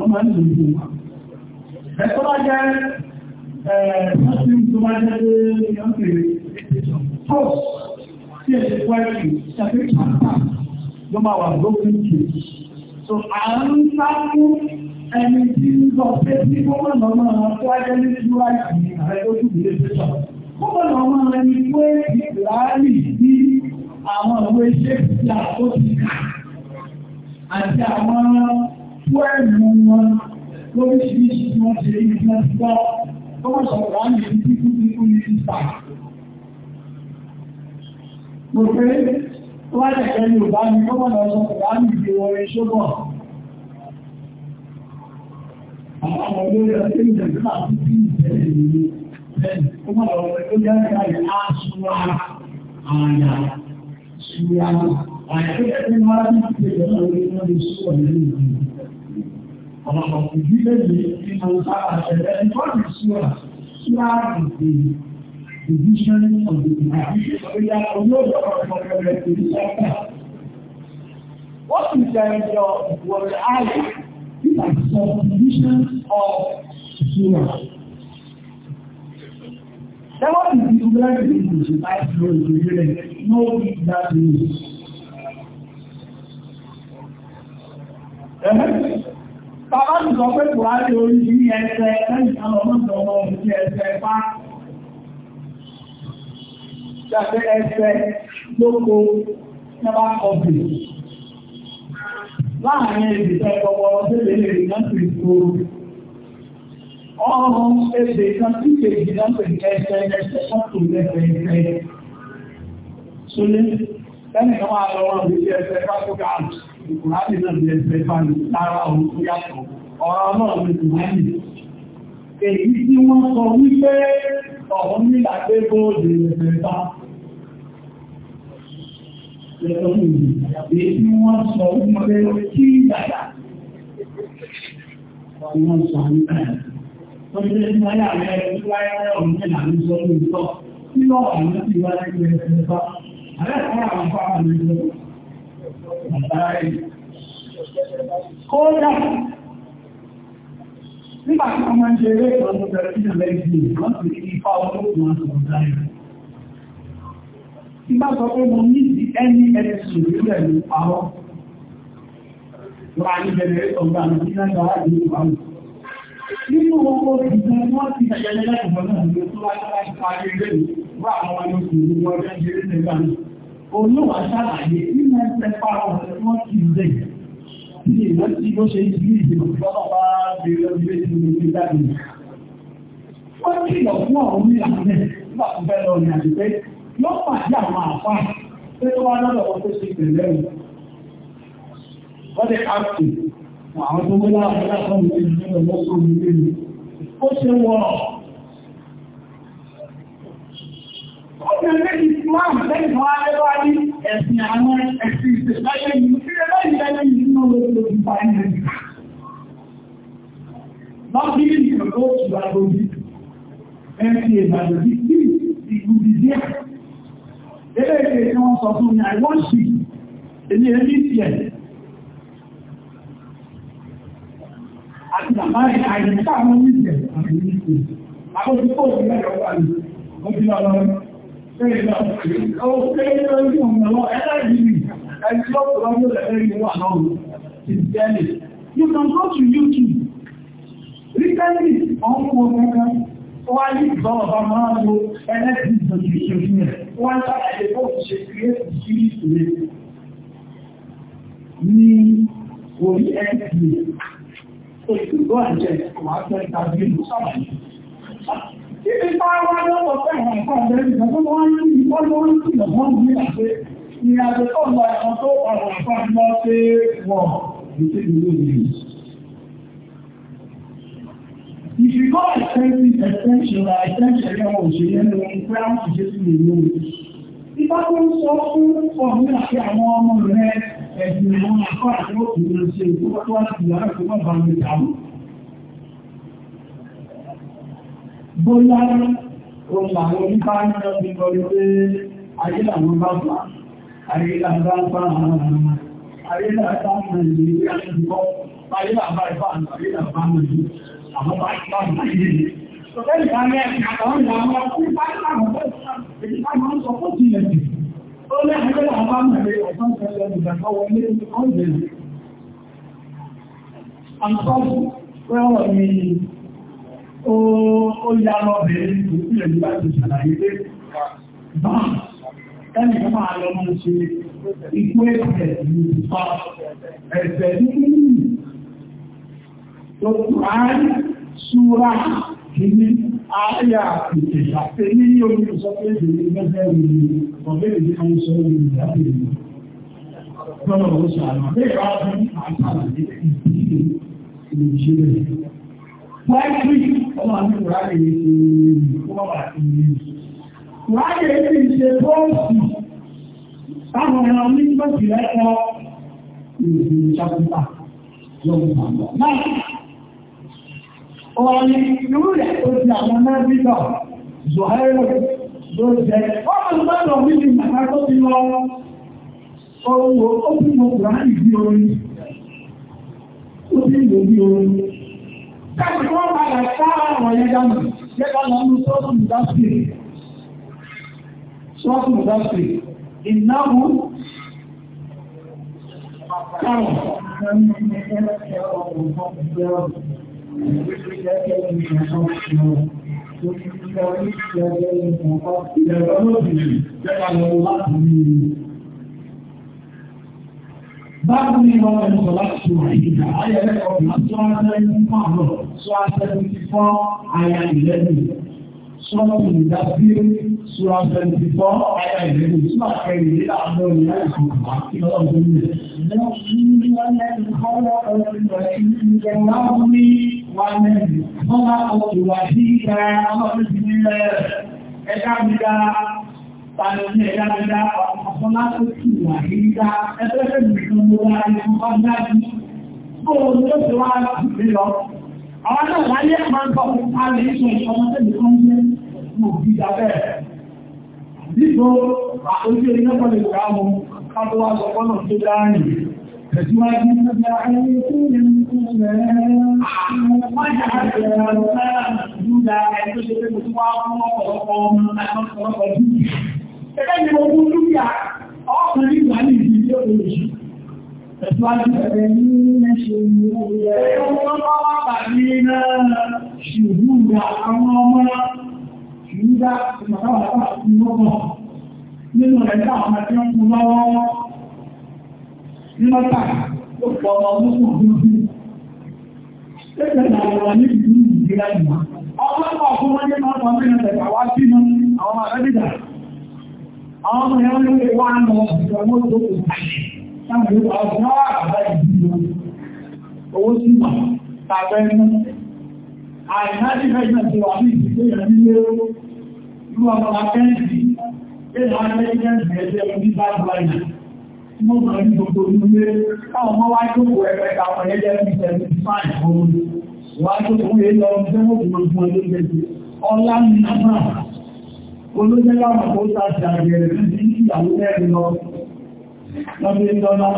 wọ́n máa ń lò ní ìwà. Ẹ̀tọ́ bá jẹ́ ẹ̀ẹ́dọ́sí tó bá jẹ́ ìyọ́nkèrè post tí èsì pẹ́ẹ̀kì ṣàfi pàtà ló máa wà lókun kì í. So à ń sá fún ẹni tí ń sọ pé tí gómìnà náà tó wájẹ́ ní Júwáìsì ní àrẹ́dọ́sí ìlé tẹ̀sán. Gómìnà náà ẹni pé ìlàálì bí àwọn ìwé ṣe ti àkóso àti àwọn tú ẹ̀rù wọn lóríṣiríṣi tí wọ́n ṣe ibi wọn ti gbọ́ tó wọ́n sọ̀rọ̀ wá ní ibi tí kú kú ní títà. Mo pé wọ́n tẹ̀kẹ́ ní ọba ní gómìnà sọ̀rọ̀ wá ní ìgbé orin ṣọ́gbọ̀n. Àwọn ọmọ olórí ọdún ìjọba àti bí ìtẹ̀lẹ̀ ìlú bẹ́ẹ̀ ni ó mọ̀ lọ́wọ́ pé ó jẹ́ nígbà yìí á súnra àyà súnra àyà tó jẹ́ pé wọ́n á ní ìpèjọ́ lórí wọn lè sọ̀rọ̀ nínú ìlú àwọn ọ̀pìnlẹ̀ tí mo sára ṣẹlẹ̀ ìwọ́n ìṣúra láàrín ìgbèrè division of the division What is the your what I these are subdivisions of Surah. Then what is the English English in my flow is really What that means. Uh-huh. Bàbá mi sọ pé kò ráyé orí ní ẹsẹ̀ lẹ́yìn àwọn ọmọdé òṣìṣẹ́ ẹsẹ̀ bá. Ṣàfẹ́ ẹsẹ̀ lóko nígbà kọfì. Láàárín èdè tẹ́ ọwọ́ lè rí náà sí ìṣòro. Ọrùn èdè kan tí kèjì náà pè ẹsẹ̀ ẹsẹ̀ kan tó lẹ́sẹ̀ ẹsẹ̀. Ṣolé, lẹ́nìkan wà lọ́wọ́ òṣìṣẹ́ ẹsẹ̀ bá ìkùnránì náà lè ẹ̀fẹ́ fani lára ohun tó yàtọ̀ ọ̀rọ̀ náà lè ìkùnránì èyí tí wọ́n sọ wípé ọ̀hún ní àgbégbó lè ẹ̀fẹ́ bá èyí tí wọ́n sọ wípé kí dàda wọ́n sọ wípé àtàrí. nígbà tí wọ́n máa ń ṣe eré ìrọ̀lú bẹ̀rẹ̀ sí ìrọ̀lẹ́ ìdí wọ́n sì ní ipa olóògùn àti ọ̀dáyà. Ìgbà sọ pé mo ní ìdí ẹni ẹni sùúrù pẹ̀lú àwọ̀. Wọ́n ní bẹ̀rẹ̀ olówó aṣáláyé nínú ẹgbẹ́ pàrọ̀ ọ̀sẹ̀ tí wọ́n ti rẹ̀ ní ìrántí bó ṣe ń bí ìdìbò tí wọ́n bá bèèrè ọdún tí wọ́n ti jáde. Wọ́n ti lọ fún ọ̀run ní àgbẹ̀ nígbà tó fẹ́ lọ ní àdìpẹ́ yóò pàdé àwọn àfà pé tó wá lọ́dọ̀ wọn tó ṣe ìpìlẹ̀ rẹ̀. Wọ́n ti káàkiri àwọn tó wé láwọn ọ̀gá Ó ti lé ìsìláàmù lẹ́yìn wọn alẹ́wà ní ẹ̀sìn àwọn ẹ̀sìn ìṣẹ̀láyé yìí, kí lẹ́yìn lẹ́yìn yìí ní olóògbé ìgbà ilẹ̀. Lọ́bí ní ìrọ̀lọ́ ìgbàlódé, ẹ̀sìn ìgbàlódé sí ìgbùdí díẹ̀. Eléèkè tí wọ́n sọ fún mi, I want you, èmi ẹni tiẹ̀. Àti bàbá rẹ̀ àìyẹ̀ká àwọn oníṣẹ̀ àti oníṣẹ̀. Àkókò tó ìgbàlódé wà ní ọjọ́ ọlọ́run. You can go to YouTube. Recently, ọmọ ọmọkan, wá ní ìgbọ́nà bá máa lo ẹlẹ́sìn ìtọ́jú ìṣòfin rẹ̀. Wọ́n ń sáàrẹ̀ bó ṣe create series rẹ̀ ní orí ẹ̀ẹ́sìn. Òṣìṣẹ́ ìgbọ́ àjẹ́ ìwà àjẹ́ and ìlú sábàá. Kí ni bá wá lọ́wọ́ fẹ́ àwọn nǹkan ọ̀gbẹ́ ìgbà tó wọ́n ń rí ìwọ́n ló ń sì lọ́wọ́ ń gbé àṣẹ ìrìn àjò tó lọ ẹ̀kan tó ọ̀rọ̀ nǹkan lọ sí wọ̀ lóṣè ìlú ìlú. Ìfikọ́ expensive extension na extension yẹn wọ̀ ṣe yẹn lọ pé àwọn ṣiṣẹ́ sí ìlú ìlú. Ibá tó ń sọ fún ọ̀gbìn àti àwọn ọmọ rẹ̀ ẹ̀sìn àwọn àkọ́ àti òkú ló ṣe ìgbókòtò àti ìyàrá ìgbókòtò bóyá ohun àwọn onípa ń lọ sí lórí pé ayélujára bá bá ayélujára bá bá ayélujára bá mọ̀ ní ìyàtọ̀ ayélujára bá bá ayélujára bá mọ̀ ní àwọn bá bá bá yìí. Sọ̀tẹ́lì kan ní ẹ̀sìn àtàwọn ìlànà ọkùnrin bá ń láwọn ọ̀pọ̀ ìsìnkà máa ń sọ fún ìlẹ̀jì. Ó lẹ́ẹ̀kẹ́ àwọn bá mọ̀ pé ọ̀sán ìṣẹ̀lẹ̀ ìgbàgbọ́ wọlé ọ̀gbẹ̀rẹ̀. Àǹtọ́jú, pé ọ̀rọ̀ mi ó yá lọ́bẹ̀ẹ́ tó sílẹ̀ ní láti ṣàlàyé pé bá ẹni kan máa lọ mọ́ ṣe ikú ẹ̀sẹ̀ ní ìfà ẹ̀sẹ̀ ní ìlú tó kùránì súra kìíní àáyà ìtẹ̀lá pé ní omi ìsọ́pẹ́lẹ̀ ìgbẹ́gbẹ́ ìrìn ọ̀bẹ̀rẹ̀ ní àwọn sọ ìrìn ìdájọ́ ìrìn Gbọ́nà ọ̀rọ̀ sọ àrùn, àbẹ́ ìrọ̀ àbẹ́ àtàlà ní ìdílé ìlú ìṣẹ́lẹ̀. Láìpí ọmọ àti ìwádìí ní ṣe ọmọ àti ìwádìí ní ṣe bọ́ọ̀sì táwọn ẹran ní gbọ́sì lẹ́kọ́ ìrìn ìṣàkópa lọ́wọ́ náà. Ọ̀rọ̀ ni irú rẹ̀ tó ti àwọn mẹ́rìndínlọ̀ Zọ̀hẹ́rọ̀ ló jẹ́. Wọ́n mọ̀ lọ́dọ̀ mí ni màmá tó ti lọ ohun ó bí mo kùrá ìdí orin. Ó bí mo bí orin. Káàkiri wọ́n padà ká àwọn yẹn dánù, lẹ́kọ̀ọ́ lọ ní sọ́ọ̀tù ìdásírì. Sọ́ọ̀tù ìdásírì, ìnáwó káwọn. Ìjọba ló ti rí, jẹ́ ká lọ láti rí i. Báwo ni wọ́n fẹ́ sọ láti ṣe wà nígbà? Ayọ̀ ẹ̀kọ́ bí wọ́n sọ àtẹ́lẹ́ fún àlọ́, sọ àtẹ́lẹ́ fún àyà ìlẹ́nu. Sọ́nà ìdá bí sọ àtẹ́lẹ́ fún àyà ìlẹ́nu. Sọ àtẹ́lẹ́ ìdá àlọ́ ni láì fún àpá kí ọlọ́run tó ń lẹ̀. Báwo ni wọ́n fẹ́ sọ láti ṣe wà nígbà? Ẹ̀ka mi dáa. Tàbí ọdún ẹ̀dá mẹ́ta ọ̀pọ̀lọpọ̀ sí wà nígbà ẹgbẹ́gbẹ́ nìkan ló wá ní ọjọ́ dájú. Ó ló ti wá sí lọ. Àwọn náà láyé máa ń kọ́ a lè ṣe ìṣọ́nà tẹ́lẹ̀ kan jẹ́ mò bí dábẹ́. Nígbò àkójú iná pọ̀lẹ̀ ìgbà mú kábọ́ wá sọ fọ́nà tó lè ń kú rẹ̀. Àwọn tó ṣe pé mo Ẹgbẹ́ ni mo mú dúkìá ọkùnrin ìgbà ní ìdí tí ó lè jù. Ẹ̀sùwájú ẹ̀rẹ̀ ní ẹ̀ṣẹ̀ ní ọ̀rẹ́. Ẹ̀rọ wọn ìgbà ìmọ̀láwà fún máa ń pọ̀ mẹ́rin wá sí àwọn àrẹ́bìdà àwọn ọmọ ẹ̀rọ ló wá nù ìṣòwò tó kù sáàmì ọjọ́ àbá ìdílé owó sí mà tàbí ẹnu àìláti fẹ́jọ́ wà ní ìdílé rẹ̀ ní wọ́n mọ̀ ní gbogbo ní sẹ́ẹ̀tì fáìn ọmọ wá olójẹ́lá mọ̀ tó ṣe àgbẹ̀rẹ̀ títí ìyàwó mẹ́rin lọ lọ́bí lọ́lá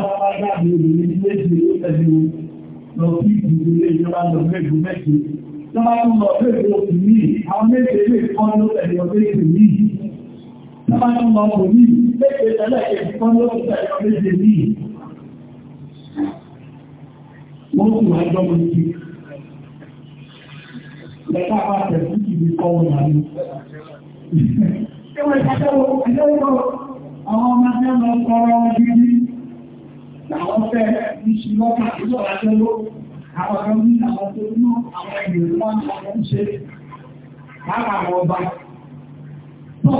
lágbàbí obìnrin méjì ló tẹ̀lé lọ sí ìdílé ìjọba lọ mẹ́jọ mẹ́jọ lọ́bá tó lọ pẹ̀lú òkú ní àwọn méjì lè kọ́ ló tẹ̀lé ọdún èdè ní lọ́bá tó lọ kò ní méjì tẹ́lẹ̀ kọ́ ló tẹ̀lé ọdún èdè ní wọ́n kù àjọ mọ̀ sí lẹ́ka pàtẹ́ fún ìdíkọ́ wọn àlú Ṣé wọ́n ìdájọ́wò ẹlẹ́wọ̀ àwọn ọmọ ẹgbẹ́ lọ kọrọ gidi làwọn fẹ́ ní ṣùgbọ́n kàkúrò àjọ́ló àwọn ọmọ ní àwọn tó ní àwọn ènìyàn wọn àwọn ṣe lára àwọn ọba. Tọ́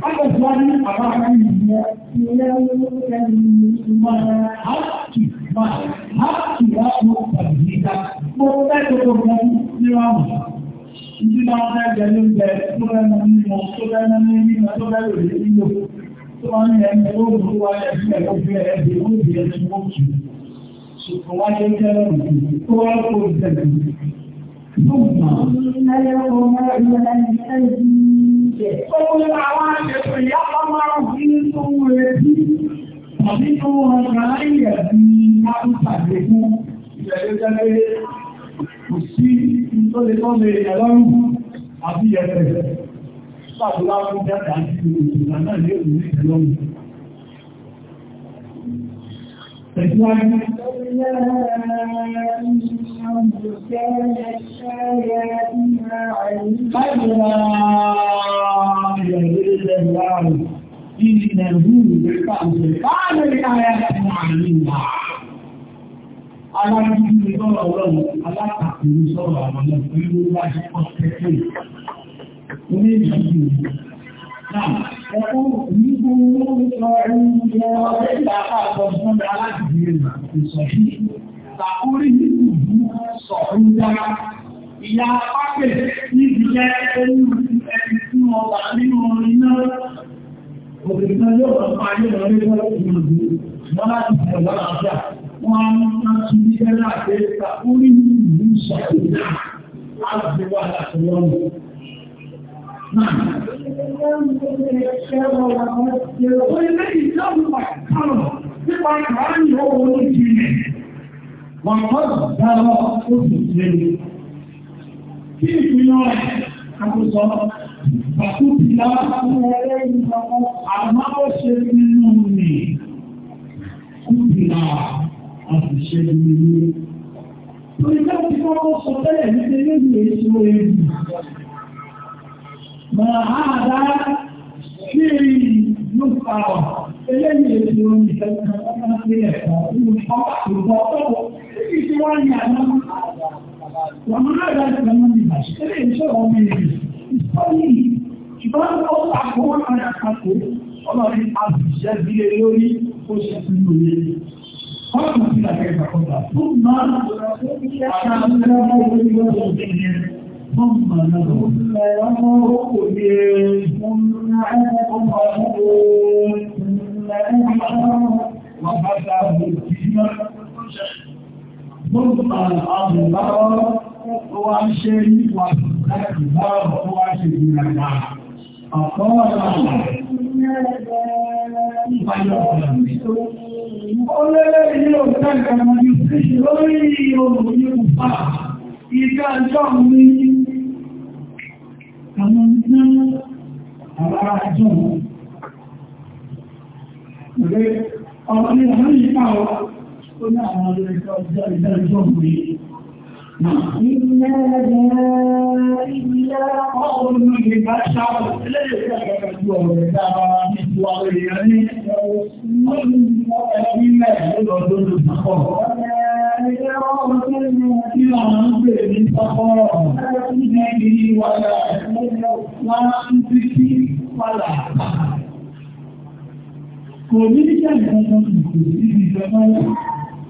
bákan tí wọ́n ní àwọn ará ìlú ti lẹ́wọ́ ẹni ìmọ̀ àti ìmọ̀ àti ìwà ọmọ ìgbàlódé. Mo fẹ́ tó tó gbọ́n ní wàhùn ìdí máa fẹ́ jẹ ní ìjẹ tó lẹ́nu mímọ tó lẹ́nu ní mímọ tó lẹ́nu lè nílò tó wọ́n ní ẹni tó burú wá ẹ̀sìn ẹ̀kọ́ bí ẹ̀dì ó di ẹni tó kù ṣùgbọ́n wá jẹ́ jẹ́ lọ́nà kò sí tó lè tọ́ lè ẹ̀lọ́rùn àti ẹ̀fẹ̀ pàtàkì fún jáde àti ìrìnà náà ní òun ní ẹ̀lọ́rùn Tẹ̀síwájú. Báyìí ra ìrẹ̀lẹ́ ilẹ̀ láàrín, ìrìnà ìrìnà ìrìnà ìrìnà alábìsí sọ́rọ̀ ọlọ́run alákàkùnrin sọ́rọ̀ àwọn ọmọ ìlú wájú ọ̀pẹ́kẹ́ ní ìjọsìn Ẹ̀kọ́ nígbó ń sọ ẹni jẹ́ ọjọ́ ìdáká àtọ̀sán aláàbìsí rẹ̀ ìsọ̀sí. Tàkúrí nínú sọ ń dára. Ìyá pápẹ̀ níbi jẹ́ ẹni ẹni tí wọ́n wà nínú orin náà. Òkè wọ́n á ní láti ní ẹ̀rọ àgbẹ̀ta orí ìlú ìṣàkóso àgbẹ̀wà àti lọ́nà. Wọ́n kọ́ dáwọ́ oṣù lẹ́nu. Kí ìpinnu rẹ̀ àkóso pàtúkì láwọn fún ẹgbẹ́ ìgbàmọ́ àmáwọ́ ṣe nínú nì. Kúkì náà a sì ṣe ìrìnlẹ̀. Lórí láti kọ́kọ́ sọ tẹ́lẹ̀ ní ilé ìwé èso ewu. Màá àdá sí ìlú pàwọ̀, ilé ìwé èso ewu ìfẹ́kàn ọmọ sí ẹ̀kọ́ ìlú ọkọ̀ ìgbọ́ ọ̀pọ̀ títí tí wọ́n ní àná. Wọ́n máa rà sí ọmọ mi bàṣẹ, ilé ìṣẹ́ èdè. Ìsọ́lì ṣùgbọ́n ó pàkó wọn kan ọlọ́rin a sì ṣẹ́ lórí ó ṣe sí lórí. قالوا بلا كيف قلنا ثم ثم نظر يمرق ثم عذاب قبول ثم أحرم وفتاه الدين ثم الأنبار وأشري وأكبر وأشري من الله أقال الله Ìjọ́ àjọ́ mi, àwọn ìjọ́ àwọn àjọ́ mi. Ọ̀rẹ́ ọmọ ní àwọn ìpá ọ̀, ó ní àwọn ọjọ́ ìjọ́ ìjọ́ mi. إنا لا إلا قول البشر ليس كفوا وتابع وغيرني وإلا يردد الفقر وما إرادة إلا عن الفقر أتدري ولا وأنتكي ولا تحر. Kò ní jẹ́ ìdájọ́ ìgbòsí ìjọba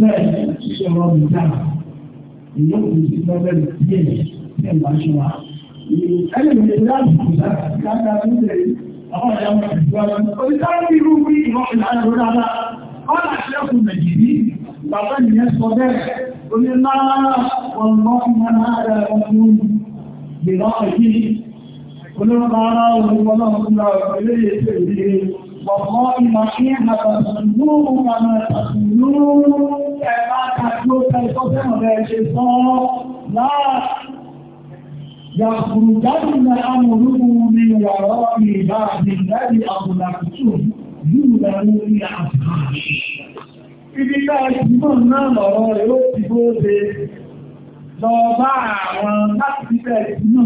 bẹ́ẹ̀ ṣe rọ mi dára ìyóò kò sí lọ́wọ́ díẹ̀ díẹ̀ máa ṣe wá. ẹlẹ́mi lè láti kò sára láti àwọn ìṣẹ̀lẹ̀ àwọn ọ̀yà wọn ti wá lọ. òṣìṣẹ́ ní irú bí ìwọ̀n ìlànà ló dára wọ́n là ṣe kù nàìjírí bàbá nìyẹn sọ bẹ́ẹ̀ oní náà wọn mọ ọmọ náà rẹ ọdún gbèrọ ọ̀yìn olóńgbà ara òun wọn náà fúnra ọ̀rẹ́ والله ما حين تصلون وما تصلون كما تقول القسم بالشيطان لا يخرجن أمره من وراء بعد الذي أغلقته يولد في أصحابه Ibi táàkì mọ̀ náà lọ́rọ̀ yóò ti bó ṣe lọ bá àwọn láti bẹ̀rẹ̀ sínú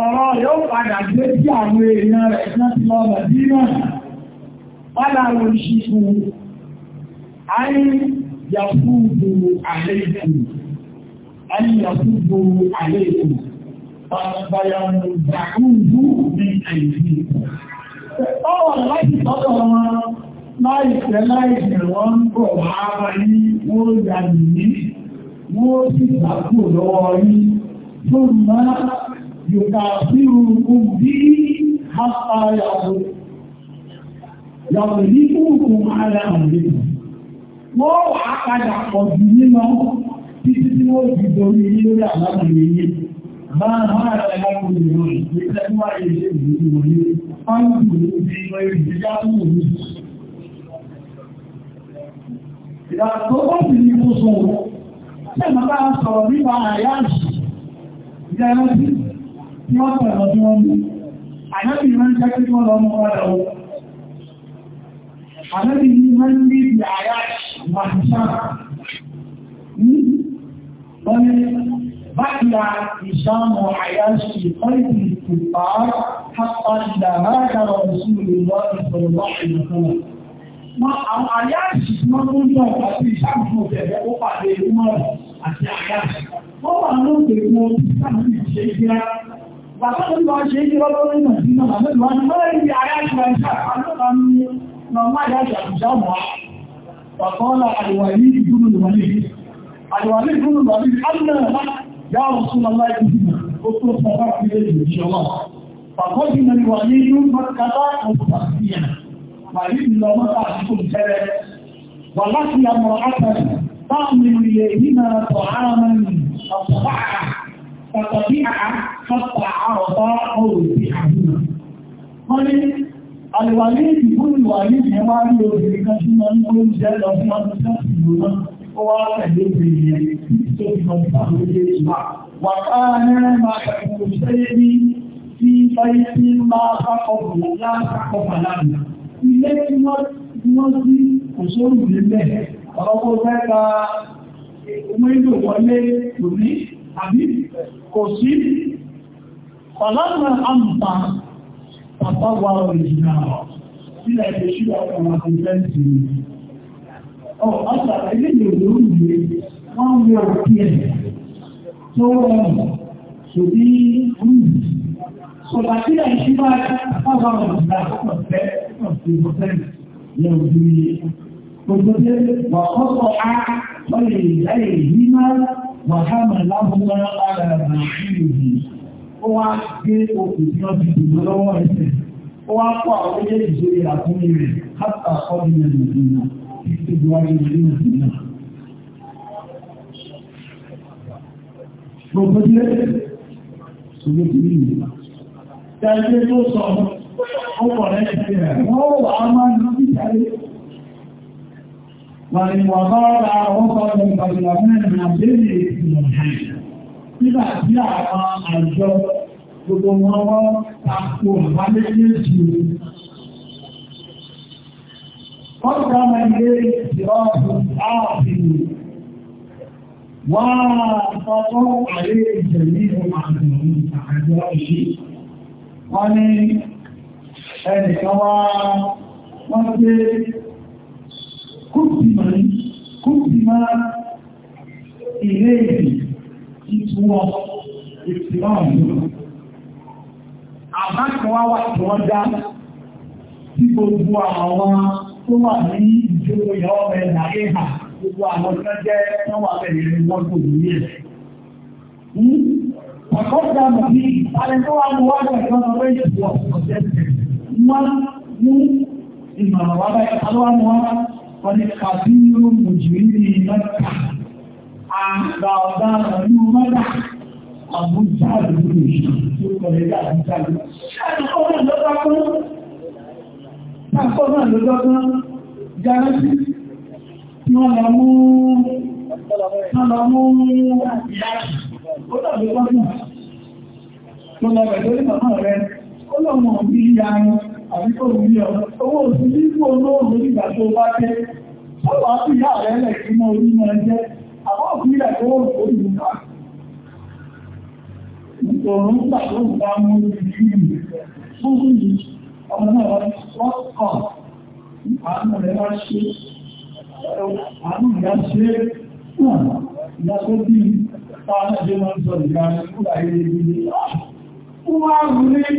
ọ̀rọ̀ yóò padà gbé sí àwọn èèyàn rẹ̀ tán ti lọ Mẹ̀dínà wọ́lá oríṣìkú ayé yàfúgbò àléèkù ayé yàfúgbò àléèkù pàtàkì ìgbàkúgbù ní àìsí ọwọ́ láti tọ́tọ̀ wọn láìsẹ̀ láìsẹ̀ wọ́n ń bọ̀ wá wáyé wọ́n yà nìyí wọ́n sì gbàkú lọ́wọ́ yìí tó máa يكافركم به حتى يغلبوكم على أمركم wọ́n wà á padà pọ̀ jù nínú títí tí wọ́n fi dorí yín lórí àbámu yín máa ń máa rẹ̀ lákòókò ìrọ̀ ìgbésẹ̀ tí wọ́n lè ṣe ìlú wọlé fáńtì ìlú ti lọ ìrìn ìjà fún òun. ìdàgbọ́ bá sì ní kó sọ̀rọ̀ ṣé màá bá sọ̀rọ̀ nípa àyáàṣì ìjà ẹ̀rọ sí tí wọ́n tọ̀ ẹ̀lọ́ tí wọ́n mú. Àyẹ́bì máa ń jẹ́ kí wọ́n lọ mú padà ó. Àyẹ́bì ní máa ń rí ìdí àyà Màtíṣà. Hmm? Wọ́n ní bákìlá ìṣàmọ̀ àyà ṣì kọ́ìtì ìpùpá kápá ìdà rákàrọ̀ ìṣúlè lọ́ Wọ́n àwọn àyáàṣì tí wọ́n tó ń tọ̀ àti ìṣàkóso ìfẹ̀fẹ́ ó pàdé ìmọ̀ àti àyáàṣì. Wọ́n wà lóògbé wọn tí sáà ń ṣe ìgbéra Bàbá tó lọ ṣe ìjọ lọ́wọ́ nínú ìdínà àwọn ìlú wọn ọ̀pọ̀ sí ẹ̀. Pàtàkì àá sọ́tà àrọ̀tọ́ ọrùn sí àdúrà. Wọ́n ní àlèwàlé ìdìbò ìwàlé yẹn wá ní obìnrin kan tí wọ́n ní oúnjẹ lọ fún ọdún sẹ́sì lóná. Ó wá tẹ̀lé obìnrin yẹn tó fi lọ sí àwọn ilé ìwà. Wà á rẹ́ máa kẹ̀kọ́ sẹ́yẹ́ ní tí báyé tí máa sákọ̀ bù láàkọ̀ pàlànà. Ilé tí wọ́n sí òṣèlú àbí kò sí ọ̀lọ́nà àmà pàpá wa òjìnà sílẹ̀ èdè ṣílẹ̀ ọ̀nà kọ̀ǹtẹ́ǹtì ọ̀ ọ̀sàrà ilé ìlú ìwé wọ́n ń wọ òkú ẹ̀ tó rọrùn kò ní gúùsì sọ̀tà sílẹ̀ ìṣúná pàpá wa òjìnà kọ̀ǹtẹ́ kọ̀ǹtẹ́ ní òbí gbogbo tẹ́ wà kọ́kọ́ á lọ́yẹ̀ ìdáyẹ̀ yìí máa wàhálà lábúgbà ara nàìjíríì ó wá gbé okùn tí wọ́n ti dìbò lọ́wọ́ ẹsẹ̀ ó wá pọ̀ àwọn méjèèjì sórí àkúnmí rẹ̀ kápá ọdún nàìjíríà títí di wáyé nàìjíríà. Gbogbo ilé ṣòro ti rí ìlú. Tẹ́lẹ̀ tó sọ, ó pọ̀ lẹ́yìn sí rẹ̀, wọ́n wà Wàlìwàbára ọkọ̀ ìgbàlùwà mẹ́rin àbẹ́rẹ̀ ìgbìyànjú. Nígbà tí àwọn àjọ gbogbo wọn wọ́n tako àbálẹ́ méjì. Wọ́n gbá máa ilé ìrọ́pù áàfin. Wọ́n àtọ́kọ́ àlé ìjẹ̀lẹ́ àgbọ̀n àjọ ìṣe. Wọ́n ní ẹnìkan wá wọ́n gbé kúrùsìmá ilé ìdí ìtúwọ́ ìtìmọ̀ ìlú. Àbákanwá wà tí wọ́n dá tí gbogbo àwọn tó wà ní ìjọba ìyàwó ẹ̀ láyé hà gbogbo àwọn tó jẹ́ tó wà bẹ̀rẹ̀ ní wọ́n tó ní ẹ̀. Àkọ́jà mọ̀ ní alẹ́ tó wà mú wájú ẹ̀kọ́ sọ pé yóò wọ̀ ọ̀sẹ̀ mọ́ mú ìmọ̀ràn wá báyìí, alọ́wà mú wá wọ́n ni kàbírù mùjìrì mẹ́ta àgbà ọ̀gá ọ̀nà mọ́dà àbújá àdúgbò ìṣòro tó kọ̀lẹ́dà àbújá àdúgbò. Ṣáàtúkọ́ náà lọ́dọ́gbọ́n, ṣáàtúkọ́ náà lọ́dọ́gbọ́n, járántí tí wọ́n lọ mú ọlọ́mọ bí ìyá wọn àríkò ní ọ̀nà owó òsì ní kú olóòrùn nígbà tó bá jẹ́ ọwọ́ àfíyà rẹ̀ lẹ̀ kí mọ́ orí náà jẹ́ àwọn òfìlẹ̀ tó wọ́n tó ní nípa ìtòrún gbà tó ń bá mú ìrìn fún yìí ọmọ náà wọ́n kọ̀ àánú rẹ̀ wá ṣe àánú ìyá ṣe ìyá tó bí táwọn ẹgbẹ́ wọn sọ ìyá rẹ̀ kúrò ayé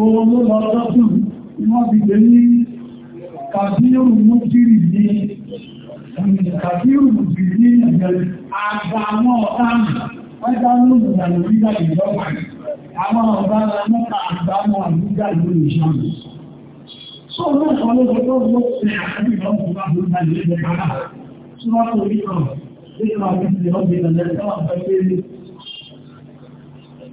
ohun ló lọ lọ́dún ni wọ́n fi gbé ní kàbírù mújírì ní kàbírù mújírì ní ìgbẹ̀rẹ̀ àgbà àwọn ọ̀tá wọ́n dá lóòrùn ìlànà nígbà ìjọba àwọn ọ̀bá mẹ́ta àgbà àwọn àgbà ìlú ìṣàmù Tí wọ́n tó rí ọ̀rọ̀, ní ọ̀rọ̀ ìpínlẹ̀ ọ̀gbẹ̀rẹ̀ lẹ́gbẹ̀rẹ̀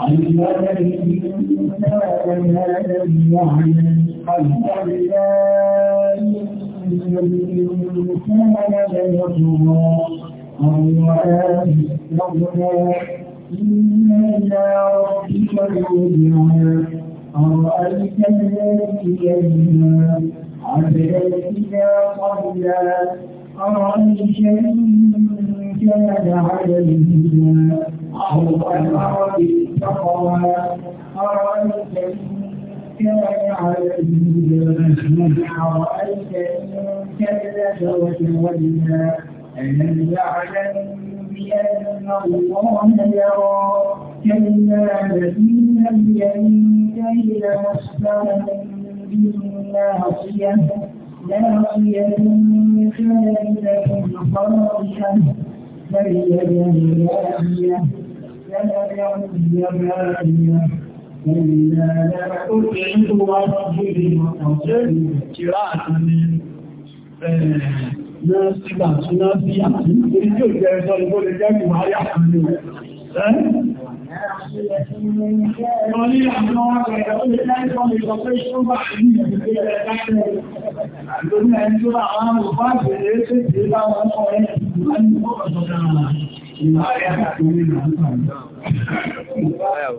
أرأيت الذي ينهى عبدا إذا صلى أرأيت كان عليهما أو أمر بالتقوى أرأيت كان على الهدى أرأيت إن كذب وتولى ألم يعلم بأن الله يرى كلا الذين بيمينه لمسلم بالناصية ناصية كاذبة خاطئة فهي جاهلية Lọ́sígbà tí lọ́sí àti ìjọ́ ìjẹ́ ìjọ́ ìgbó lè jẹ́ ìwáyà kan ní ẹ̀. Wọ́n ní àwọn ọmọ ẹ̀rọ ilé láìpọ̀ lè sọ pé ṣọ́bà ní ìgbẹ̀rẹ̀ láìpẹ̀. Lórí ẹni tó bá àwọn olùfà bèèrè ṣe tí bá wọn sọ ẹni ìgbà ní ọ̀pọ̀ ọ̀dọ́ Ìgbà ẹ̀yà àti orí ìlànà. Ẹ̀rọ ẹ̀yà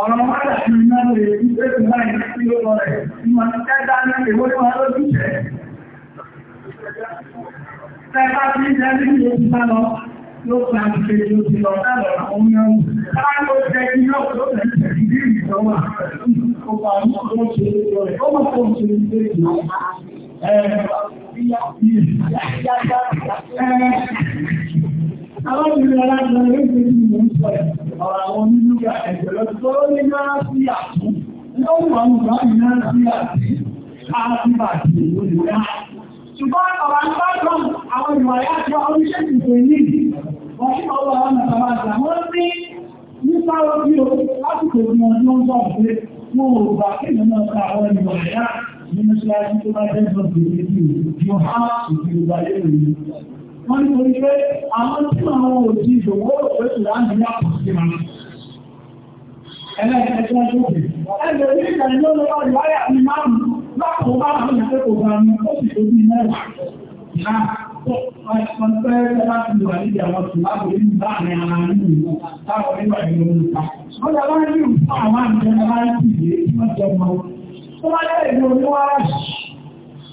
Ọ̀rọ̀ máa rẹ̀ ṣe náà lè rí pé ìmọ̀ ní kẹta ní èwọ́ ní wọ́n lójú jẹ́. Tẹ́ta tí ìjẹ́ ní ìlú ti bá lọ, ló pa ìṣe ti lọ sálọ̀ àwọn yọ́n. Táà ló jẹ́ kí yọ́ tó lẹ́sẹ̀ ìdí ìjọwà, ó pa ọmọ tó ṣe lórí rẹ̀, ó mọ̀ tó ṣe lórí rẹ̀. Àwọn ìrìn aláàrùn ẹgbẹ́ ìmú sọ̀rọ̀ ọ̀rọ̀ àwọn onílúgbà ẹ̀jọ̀lọ́ tó lé náà sí àtún. Lọ́wọ́ àwọn ọmọ ìrìn náà sí àtún. Ààrùn bàtì ìlú ìlú náà. Ṣùgbọ́n ọ̀rọ̀ àgbàgbọ́n àwọn ìwà yájọ́ oríṣẹ́ ìpè ní wọ́n kí ọwọ́ àwọn àtàwàjà wọ́n ní nípa orí o lásìkò ìrìn ọjọ́ ń bọ̀ pé wọ́n ò bá kí ìrìn náà ka àwọn ìwà yá nínú síwájú tó bá jẹ́ wọ́n ní orí pé àwọn tí àwọn òjì ìṣòwò òṣèlú láti ní àpò sí wọn. Ẹlẹ́ẹ̀kẹ́ tí wọ́n tó bè. Ẹgbẹ̀rún ní ìgbà ìlú ló wà ìwáyà ní márùn-ún lápò bá àwọn ìṣẹ́ kò bá mi ó sì tó bí mẹ́wàá. Náà, wọ́n fẹ́ láti lò àníjà wọn sì láti orí láàrin ara nínú ìlú táwọn oníwà ìlú ń ta. Wọ́n jẹ́ láti rí fún àwọn àmì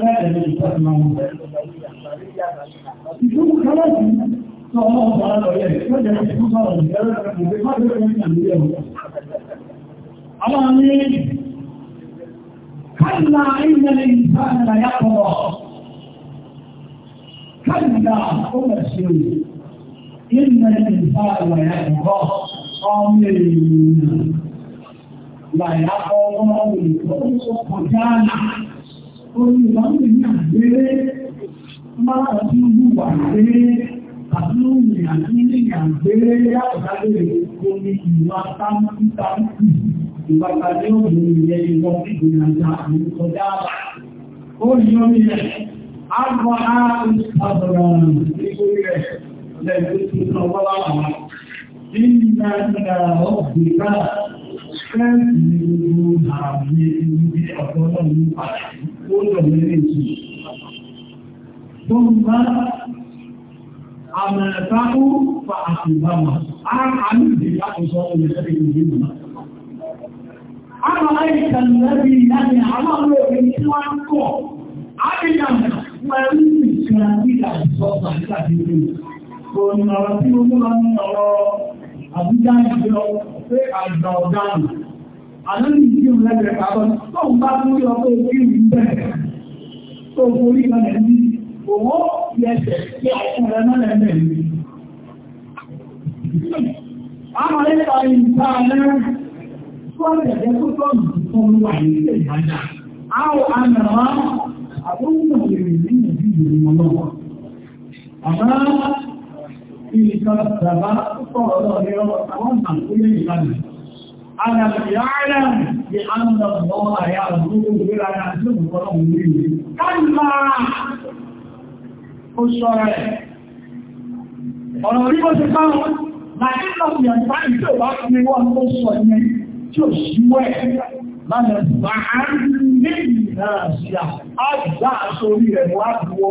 bẹ́ẹ̀ ni ìtọ́jú wọn. Ìdúró kálá yìí sọ ọmọ ọba lọ́yẹ̀ lọ́jọ́ ìdúró sọ̀rọ̀ ìgbẹ́rẹ́ ìgbẹ́ má bẹ́ẹ̀ ní àmìlẹ̀ wọn. Àwọn ní kálá ìmẹ̀lẹ̀ ìtànà yàtọ̀ kálá ó mẹ̀ sí ìmẹ̀lẹ̀ ìtànà yàtọ̀ ọmọ ènìyàn. Làyà ọmọ òyìnbó kọjá náà orí ìlànà ní àgbéré máa tí ó wà gbéré àti àti ilé àgbéré yàtọ̀ omi ìwà táńkì táńkì ìgbàgbàdé òmìn ilẹ̀ ìwọ̀n fẹ́ẹ̀sì ni gbogbo àbí ẹni bí ọ̀dọ́ náà ní pàtàkì ó lọ lẹ́rẹ̀ jù. Tó ń bá àmọ̀ẹ̀ta ó fa àṣìbámà, a àmì ìdí láti sọ ọmọ ìṣẹ́lẹ̀ ìlú ìlú. Àwọn àìsàn lẹ́bí ìyáni àwọn olóòrin tí wọ́n ń kọ̀, a ti dàmà pẹ̀lú ìṣẹ́lẹ̀ nígbà ìṣọ́ta nígbà tí ó ń bọ̀. Kò ní ọ̀rọ̀ tí mo mú lọ ní ọ̀rọ̀ Àbújá ìgbẹ́ ọkọ̀ pé àgbà ọ̀daràn. Àlọ́lì tí ó lẹ́gbẹ̀ẹ́ pàtó, tóun bá tún yọ pé kí n bẹ̀rẹ̀ tó borí kan ẹ̀mí, òwò yẹsẹ̀ sí àìsàn rẹ̀ náà lẹ́gbẹ̀ẹ́ mi. Àwọn ẹ̀ka ìta náà tó ẹ̀jẹ̀ tó tọ́nù tó ń wà ní ilé ìdájà. Àwọn àmì àwọn àbúrò náà lè rìn ní ìdíje ìrìn ọlọ́wọ́. Àmọ́ ìrìnkan bàbá púpọ̀ ọ̀rọ̀ ní ọmọ àwọn àkúlé ìlànà. Àdàbìyàrá ni a ń lọ bọ́ àyà àdúgbò gbéra ní àti òkúrọ̀ òun rí. Káàmà ó ṣọ́ra ẹ̀. Ọ̀rọ̀ orí bó ti bá wọn, láti lọ́pì àgbà sọ yẹn tí ó ṣíwẹ́ lálẹ́ bá ń ní ìdára sí à. Á gbà sórí ẹ̀rọ àdúgbò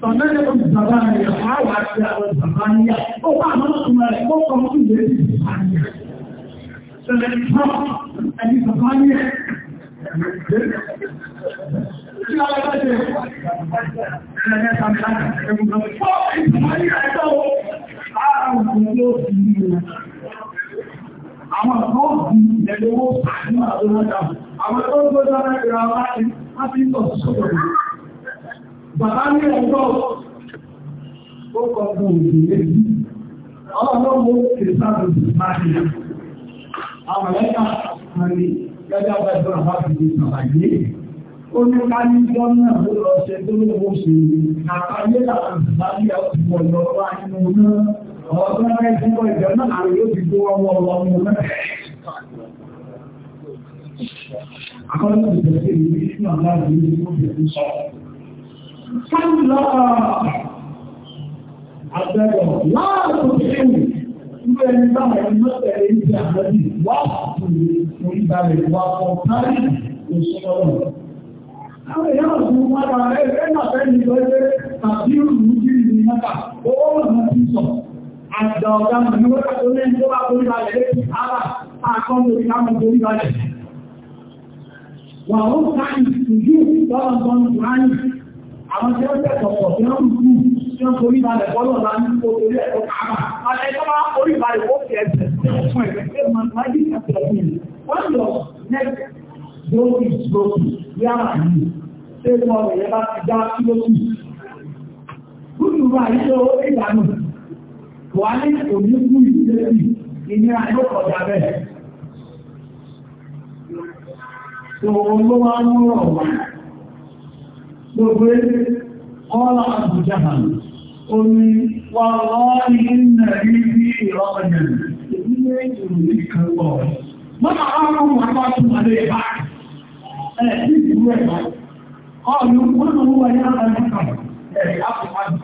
Sọ̀tẹ́lẹ̀ ó bàbá rẹ̀ àwà àti àwọn bàbá níyà. Ó wà àwọn ọmọ rẹ̀ ó kọ́ mọ́ ìwé ìdí bàbá níyà. Sọ̀tẹ́lẹ̀ tó ẹni bàbá níyà. Kí a lọ́gbà jẹ́ ẹ̀rẹ́ tàbí láti ẹgbùn lọ. Bàbá Àwọn ọlọ́mọ kìí sáàbù máàkì àwọn ẹ̀ka àmì gẹ́gẹ́ bá ẹ̀dọ́ àwọn àfihàn ìsàlàyé. Ó ní ká ní ìjọ náà ló lọ ṣe tó ló wọ́n kálá àgbẹ̀rọ̀ láàrùn ẹ̀rù ilé ẹni báwọn ẹni mọ́tẹ̀ ẹni tí a lọ sí wá òkúrò oríbalẹ̀ wà fún kárí òṣèlú. Àwọn èèyàn ọ̀sùn wọn wá rẹ̀ ẹ̀nà fẹ́ni lọ́jẹ́ tàbí òrùn jí ní mẹ́ta, owó ọ̀nà ti sọ. Àgbà ọ̀gá mi wọ́n tó ní ẹni tó bá kórí balẹ̀ lé ara àkọ́ńdò ìkámọ̀ kórí balẹ̀. Wà ó káyì àwọn tí ó tẹ̀sọ̀ pọ̀ tí wọ́n kú tí wọ́n torí balẹ̀ bọ́lọ̀ la ní ẹ̀kọ́ kàmà tó gbé kọ́lá àbújá hàn omi wà lọ́rí iná rí bí ìrọ́pẹ̀lẹ̀ ìdílé ìròyìn kan bọ̀. Mọ́nà àwọn ọmọ àpá tó wà lè bá ẹ̀ ní ìlú ẹ̀ bá. Ọ̀nà mọ́nà wọ́n wà ní àbájá kan.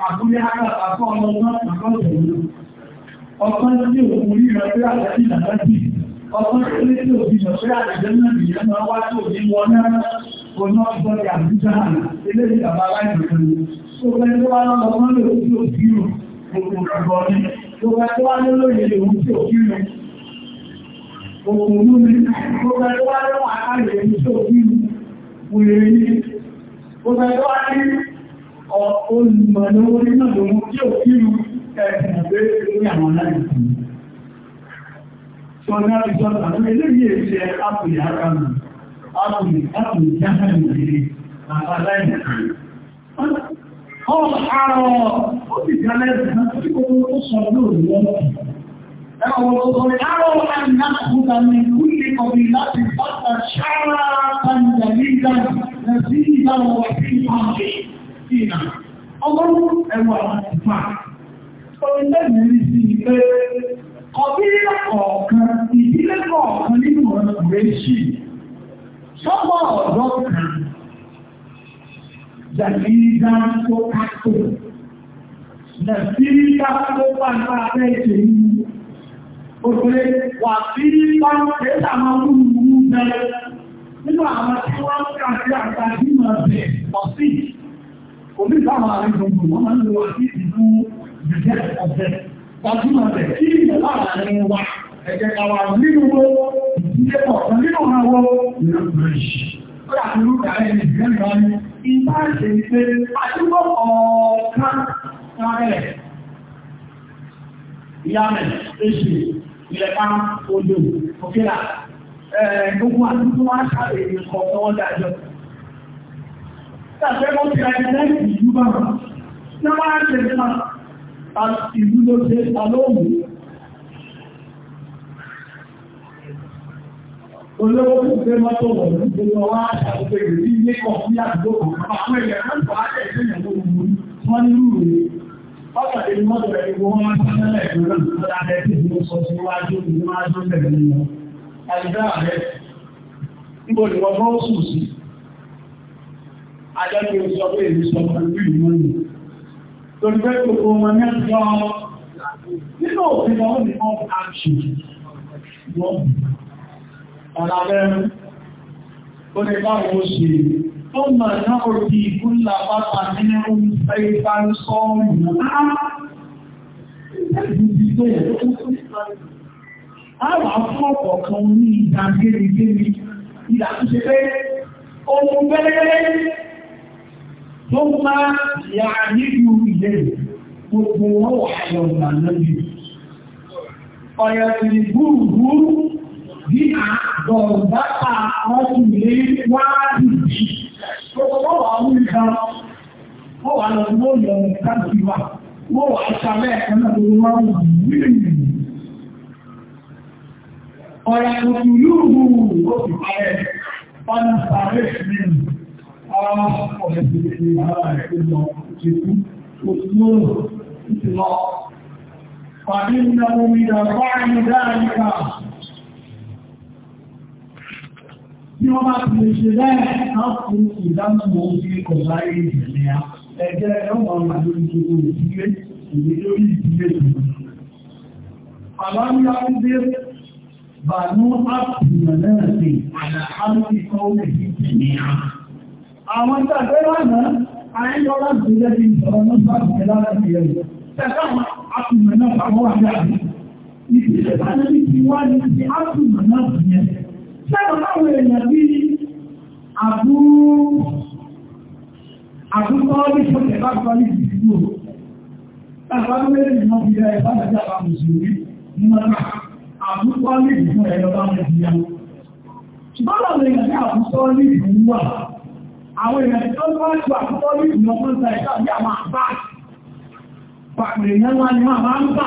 Àkúlé àkọ́ ọmọ náà àkọ́ ọ̀nà ọgbọ́n ní àbújá àná eléyìí bàbá tó tó wá lọ́wọ́ wọ́n lè tí ó kí rù gbogbo ní tó tó wá tí ó tó wá tí ó ní tó fẹ́ tó wá tí ó kí rù ní قالوا أبو جهل أفلن قال حرام قلت كلام نفسكم تصلون أروا أن نأخذ من كل قبيلة فقط شعرة جميلة نزيدا وفيها فينا أمر أولا فعلا فإننا نسيب قبيلة قوكا إذن قوكا لنورا قريشي sọ́pọ̀ ọ̀dọ́ kan jàdídá tó kákò nàìjíríà tó pàtà fẹ́ ṣe yìí òṣèré wà sí pàtàkì àwọn olùgbùn bẹ̀rẹ̀ nínú àwọn tí wọ́n kàrí àtàdínà bẹ̀ ọ̀sí omi sáwọn àrígbùngbù wọ́n máa ń lọ sí ìlú ìjẹ́ ọ̀sẹ̀ gbajúmọ̀ bẹ̀ kí ìlú láàárín wa ẹ̀jẹ̀ àwọn nínú owó ilé kọ̀ọ̀kan nínú ọ̀nà wọ́n ìlú bíríṣì. Ó yà kúrú kàrẹ́ ní ìgbẹ́rin wọn ni, ìbá ṣe ní pé àdúgbò ọ̀ọ̀kan kárẹ̀. Ìyámẹ̀, Èṣì, Ìlẹ̀pá, Odò, Òkèlà, gbogbo àdúgbò wọn ṣàlẹ̀ èdè kọ̀ọ̀kan wọn dájọ́. Tàbí wọ́n ti ra ẹgbẹ́ ìlú bàbá. Ní wọ́n á ṣe fún wa, ìlú ló ṣe alóòmù olówó tó ṣe mọ́tò wọ̀ ní gbogbo wa àtàkùnfẹ́ ìrírí ilé kan àdúgbò àwọn èèyàn náà bá àjẹ́ ìṣẹ́yàn tó ní lù rẹ̀ ọ̀pọ̀lọpọ̀ ní mọ́tò rẹ̀ gbogbo wọn máa ń sẹ́lẹ̀ náà lọ́dà rẹ̀ tí ìlú sọ sí iwájú ìlú máa ń sọ́sẹ̀ rẹ̀ nìyẹn àdìgbà rẹ̀ níbo ni wọ́n bọ́ sùn sí adájọ́ sọ pé èmi sọ pẹ̀lú ìlú mọ́ni torí pé gbogbo wọn ní ọjọ́ nínú òfin náà ó ní wọ́n ọ̀nà bẹ́rún ó lè báwọn ó ṣe tó mọ̀ náà ó di ìkúnlá pátá nínú omi fẹ́ ìfà ń sọ ọmọ Àwọn afọ́pọ̀ kan ní ìdá gẹ́gẹ́gẹ́gẹ́ ìdá tó ṣe pé ohun gẹ́gẹ́gẹ́ tó máa yà nílùú ilẹ̀ gbogbo wọ́n wà lọ́nà lọ́nà bí àgbọ̀ndáta ọkùnrin wá dìbì tó wà ń ga ó wà lọ sí lóòyọ̀ káàkiri wa ó wà ṣàlẹ̀ ẹ̀nà tó wá wù ọ̀rẹ́ tuntun yóò ó sì parẹ́ ọ̀nà sàárè sí ọ̀rọ̀ ọ̀rẹ́ tuntun yóò rẹ̀ tó lọ ti kú òtún lóòrò ti lọ. Fàdí ìnáwó mi dàgbà ní dáadáa bí wọ́n bá ti lè ṣe bẹ́ẹ̀ á fún ìdámọ̀ orí kọ̀ láyé ìrìnlẹ̀ ya ẹgbẹ́ ẹwọ̀n àwọn àdúgbò ìdílé ìdílé lórí ìdílé ìlú. àbáyá ń dé bàánú àpùnà náà sí àlàáfíì kan ó lè fi tẹ̀lé ya. àwọn tàbí lánàá ayélujára náà bá ti lára ti rẹ̀. tẹ̀sán àpùnà náà bá wà ní àdúgbò. ìdílé bá ní ti náà Ṣẹ́gbọ́n láwọn èèyàn bí àbúkọ́ ní ṣọ́kẹ̀ bá kọ́ ní ìdíjú. Tàbí mẹ́rin ìmọ̀ bí i ẹ̀bá àti àwọn mùsùlùmí ní mọ́ta àbúkọ́ ní ìdíjú ẹ̀yọ́ bá mẹ́rin ìyàwó. Ṣùgbọ́n láwọn èèyàn bí àbúkọ́ ní ìdíjú wà àwọn èèyàn tó bá jù àkọ́kọ́ ní ìlú ọmọ ìta ìta ní àwọn àbá pàpẹ̀lẹ̀ náà ni wọ́n máa ń bà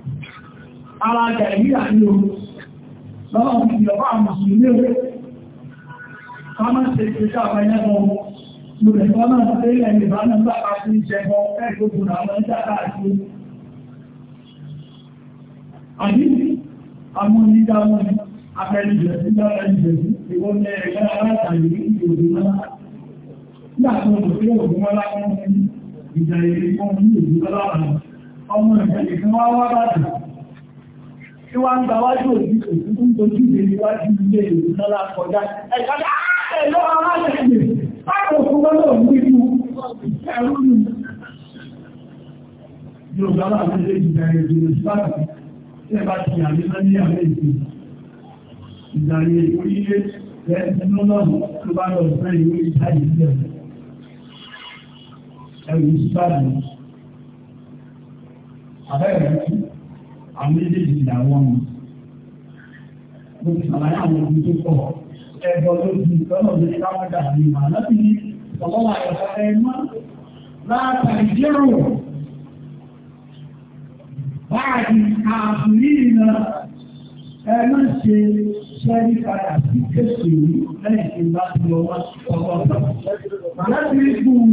ara jẹ̀ríyà ní o lọ́wọ́ ìjọba àmùsùlùmí o ká má ṣe ṣe káàkiri ẹgbẹ́ wọn lórí ẹ̀kọ́ náà ṣe ilẹ̀ ìbánu bá a fi jẹ̀bọ ẹgbẹ́gbùn àwọn ẹja káàkiri àbí àwọn onídá wọn abẹ́lẹ̀jẹ̀ sí lọ́rẹ̀lẹ̀jẹ̀ sí ìwọ́n ní ẹ̀rẹ́ alátàrí ìdòdó náà nígbà tó tí wọ́n ń gba wájú òbí òkú tó jù lé níwájú ilé ìlú lọ́la kọjá ẹ̀kọ́já ẹ̀lọ́ aláṣẹ̀lẹ̀ báyìí òkú lọ́lọ́ nínú ẹ̀rú nù. Yorùbá máa ń lé ìgbà èdè ìsìláàmù tí ẹ bá ti àmì lọ ní àmì èdè ìgbà yẹn orílẹ̀ lẹ́yìn lọ́nà tó bá lọ sẹ́yìn ìwé ìtàjì sílẹ̀ ẹ̀rù ìsìláàmù. Àbẹ́rẹ̀ àwọn méjèèjì ti dàwọ́ wọn. Mo ti sàlàyé àwọn ohun tó pọ̀. Ẹ̀bọ̀ ló ti lọ́nà lórí káwọn dà ní ìmọ̀ láti ní ọlọ́wà ẹ̀fọ́ ẹ mọ́ látàrí jẹ́rò. Báàdì àbúrí iná ẹ má ṣe ṣẹ́rí padà sí kéṣù yìí lẹ́yìn tí bá ti lọ wá ọkọ̀ ọ̀gbọ̀n. Láti rí fún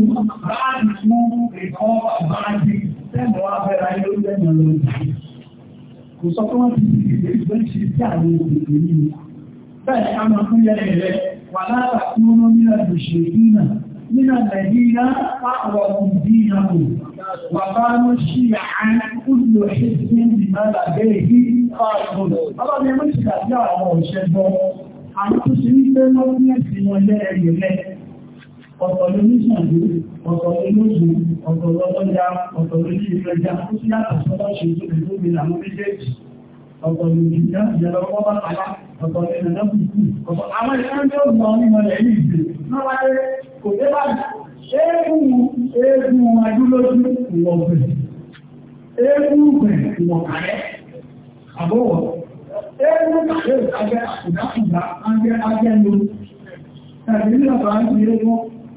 báàdì fún ìkọ́ báàdì tẹ́lẹ̀ wá fẹ́ra yóò lẹ́yìn lórí kò sọ pé wọ́n ti di ìgbé ìgbé ṣe sí àwọn òkèèrè yìí bẹ́ẹ̀ a máa fún yẹn rẹ̀ wà látà tí wọ́n ní ẹ̀dùn ṣe dínà nínà nàìjíríà pàwọ̀ ìdíyà kò wà bá ló ṣí àán kúlò ṣe sí ìdìmọ̀ làbẹ́ èyí pààbò ọlọ́dún ẹgbẹ́ ìṣẹ̀lẹ̀ àwọn òṣèlú àwọn tó ṣe ń gbé lọ́wọ́ ní ẹ̀sìn wọn lẹ́ẹ̀rẹ̀ ọ̀tọ̀ ló ní ṣàǹdé ọ̀tọ̀ ló lóṣù ọ̀tọ̀ lọ́lọ́yà ọ̀tọ̀ ló ní ìfẹ́jà ó sì yàtọ̀ sọ́dọ̀ ṣe tó lè lóbi àwọn méjèèjì ọ̀tọ̀ ló ní ìjà ìjọba ọkọ̀ bá kàlá ọ̀tọ̀ ló ní ọ̀tọ̀ kù ọ̀tọ̀ àwọn ìṣẹ́ tó gbọ́ ní ọlẹ̀ ní ìgbè náà wáyé kò dé bá eégún eégún adúlójú ìwọ̀gbẹ̀ eégún gbẹ̀ ìwọ̀kàrẹ́ àbọ̀wọ̀ eégún kàrẹ́ àgbẹ̀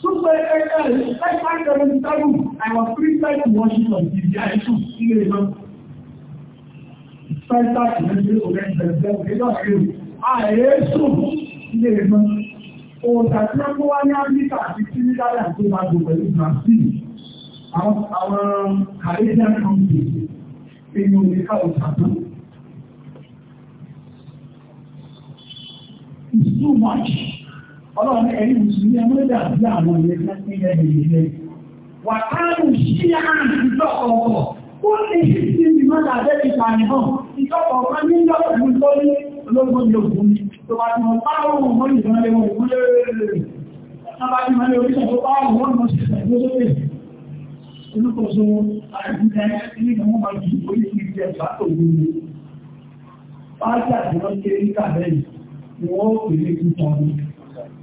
Súpẹ̀ ẹgbẹ́ ẹ̀rẹ́ I was prepared ah, oh, to worship on the Jaisu ilé ìlú. Sẹ́ńtà ìrẹsì ọ̀rẹ́ ìbẹ̀rẹ̀ ìgbẹ́gbẹ́ ìlú. Ààrẹ sùn ilé ìlú. Òòtà tí wọ́n wá ní Áfíríkà àti Tírídádà tó máa gbò pẹ̀lú Brazil. Àwọn Canadian companies èèyàn lè ká òòtà náà. too much ọlọ́run ẹ̀rí mùsùlùmí ẹmọ́ dàbí àwọn ilé láti ilẹ̀ ìlẹ̀ wà káàrù sí àárín ìjọkọ̀ọ̀kọ̀ ó lè ṣe sí ìmọ̀ làbẹ́ ìpànìyàn ìjọkọ̀ọ̀kan ní lọ́pọ̀ tó ní ológun ní ogun tó bá ti mọ̀ páàrùn mọ́ ìgbọ́n lé wọn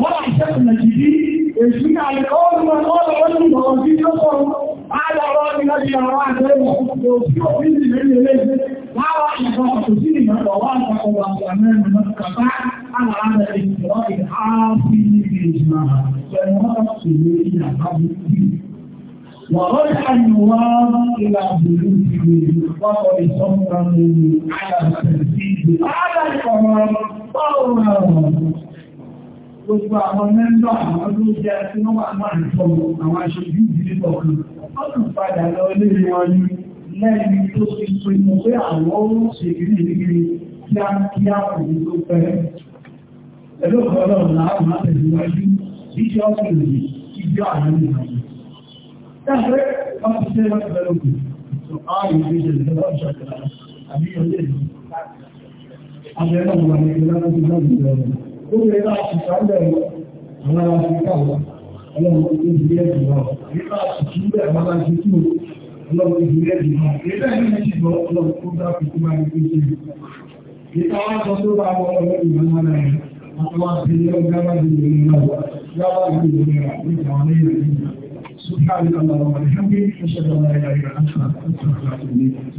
قال أحسن المجيدين يسمع القول من قال رجل وفي نصر على رأي الذي أراد يوسف من الذي ليس لا رأي فقط سيما ووافق الأمام من القطاع على هذا الاجتراء الحاصل في إجماع فنرى إلى قبل ورجع النواب إلى بيوته وقد صمم على التنفيذ هذا القرار طورا gbogbo àwọn mẹ́mbà àwọn ló jẹ́ tí wọ́n wà máa ń sọ̀rọ̀ àwọn aṣojú ìdílé kọ̀ọ̀kan wọ́n padà lọ lórí wọn ní lẹ́yìn tó ti so ìmọ̀ pé àwọn ó ṣe ìrí ìrírí kíákíá òun tó pẹ́ ẹ̀lú ọ̀rọ̀ làwọn máa tẹ̀síwájú ìjọ wọ́n lórí ẹ̀rọ àṣìṣà ń bẹ̀rù àwọn ará ti wọn ọlọ́run tó ti rí ẹ̀dùn náà nípa àṣìṣì ń bẹ̀rù àwọn ará ti kú ọlọ́run tó ti rí ẹ̀dùn náà nígbà yìí ní ṣùgbọ́n ọlọ́run tó dá fi kú ní pé ṣe nípa wá sọ tó bá wọn ọlọ́run ìwọ̀n wọn náà àtọwà sí ọgbà wà ní ìlú náà ìlú náà nípa wọn ní ìlú náà سبحانك اللهم وبحمدك اشهد ان لا اله الا انت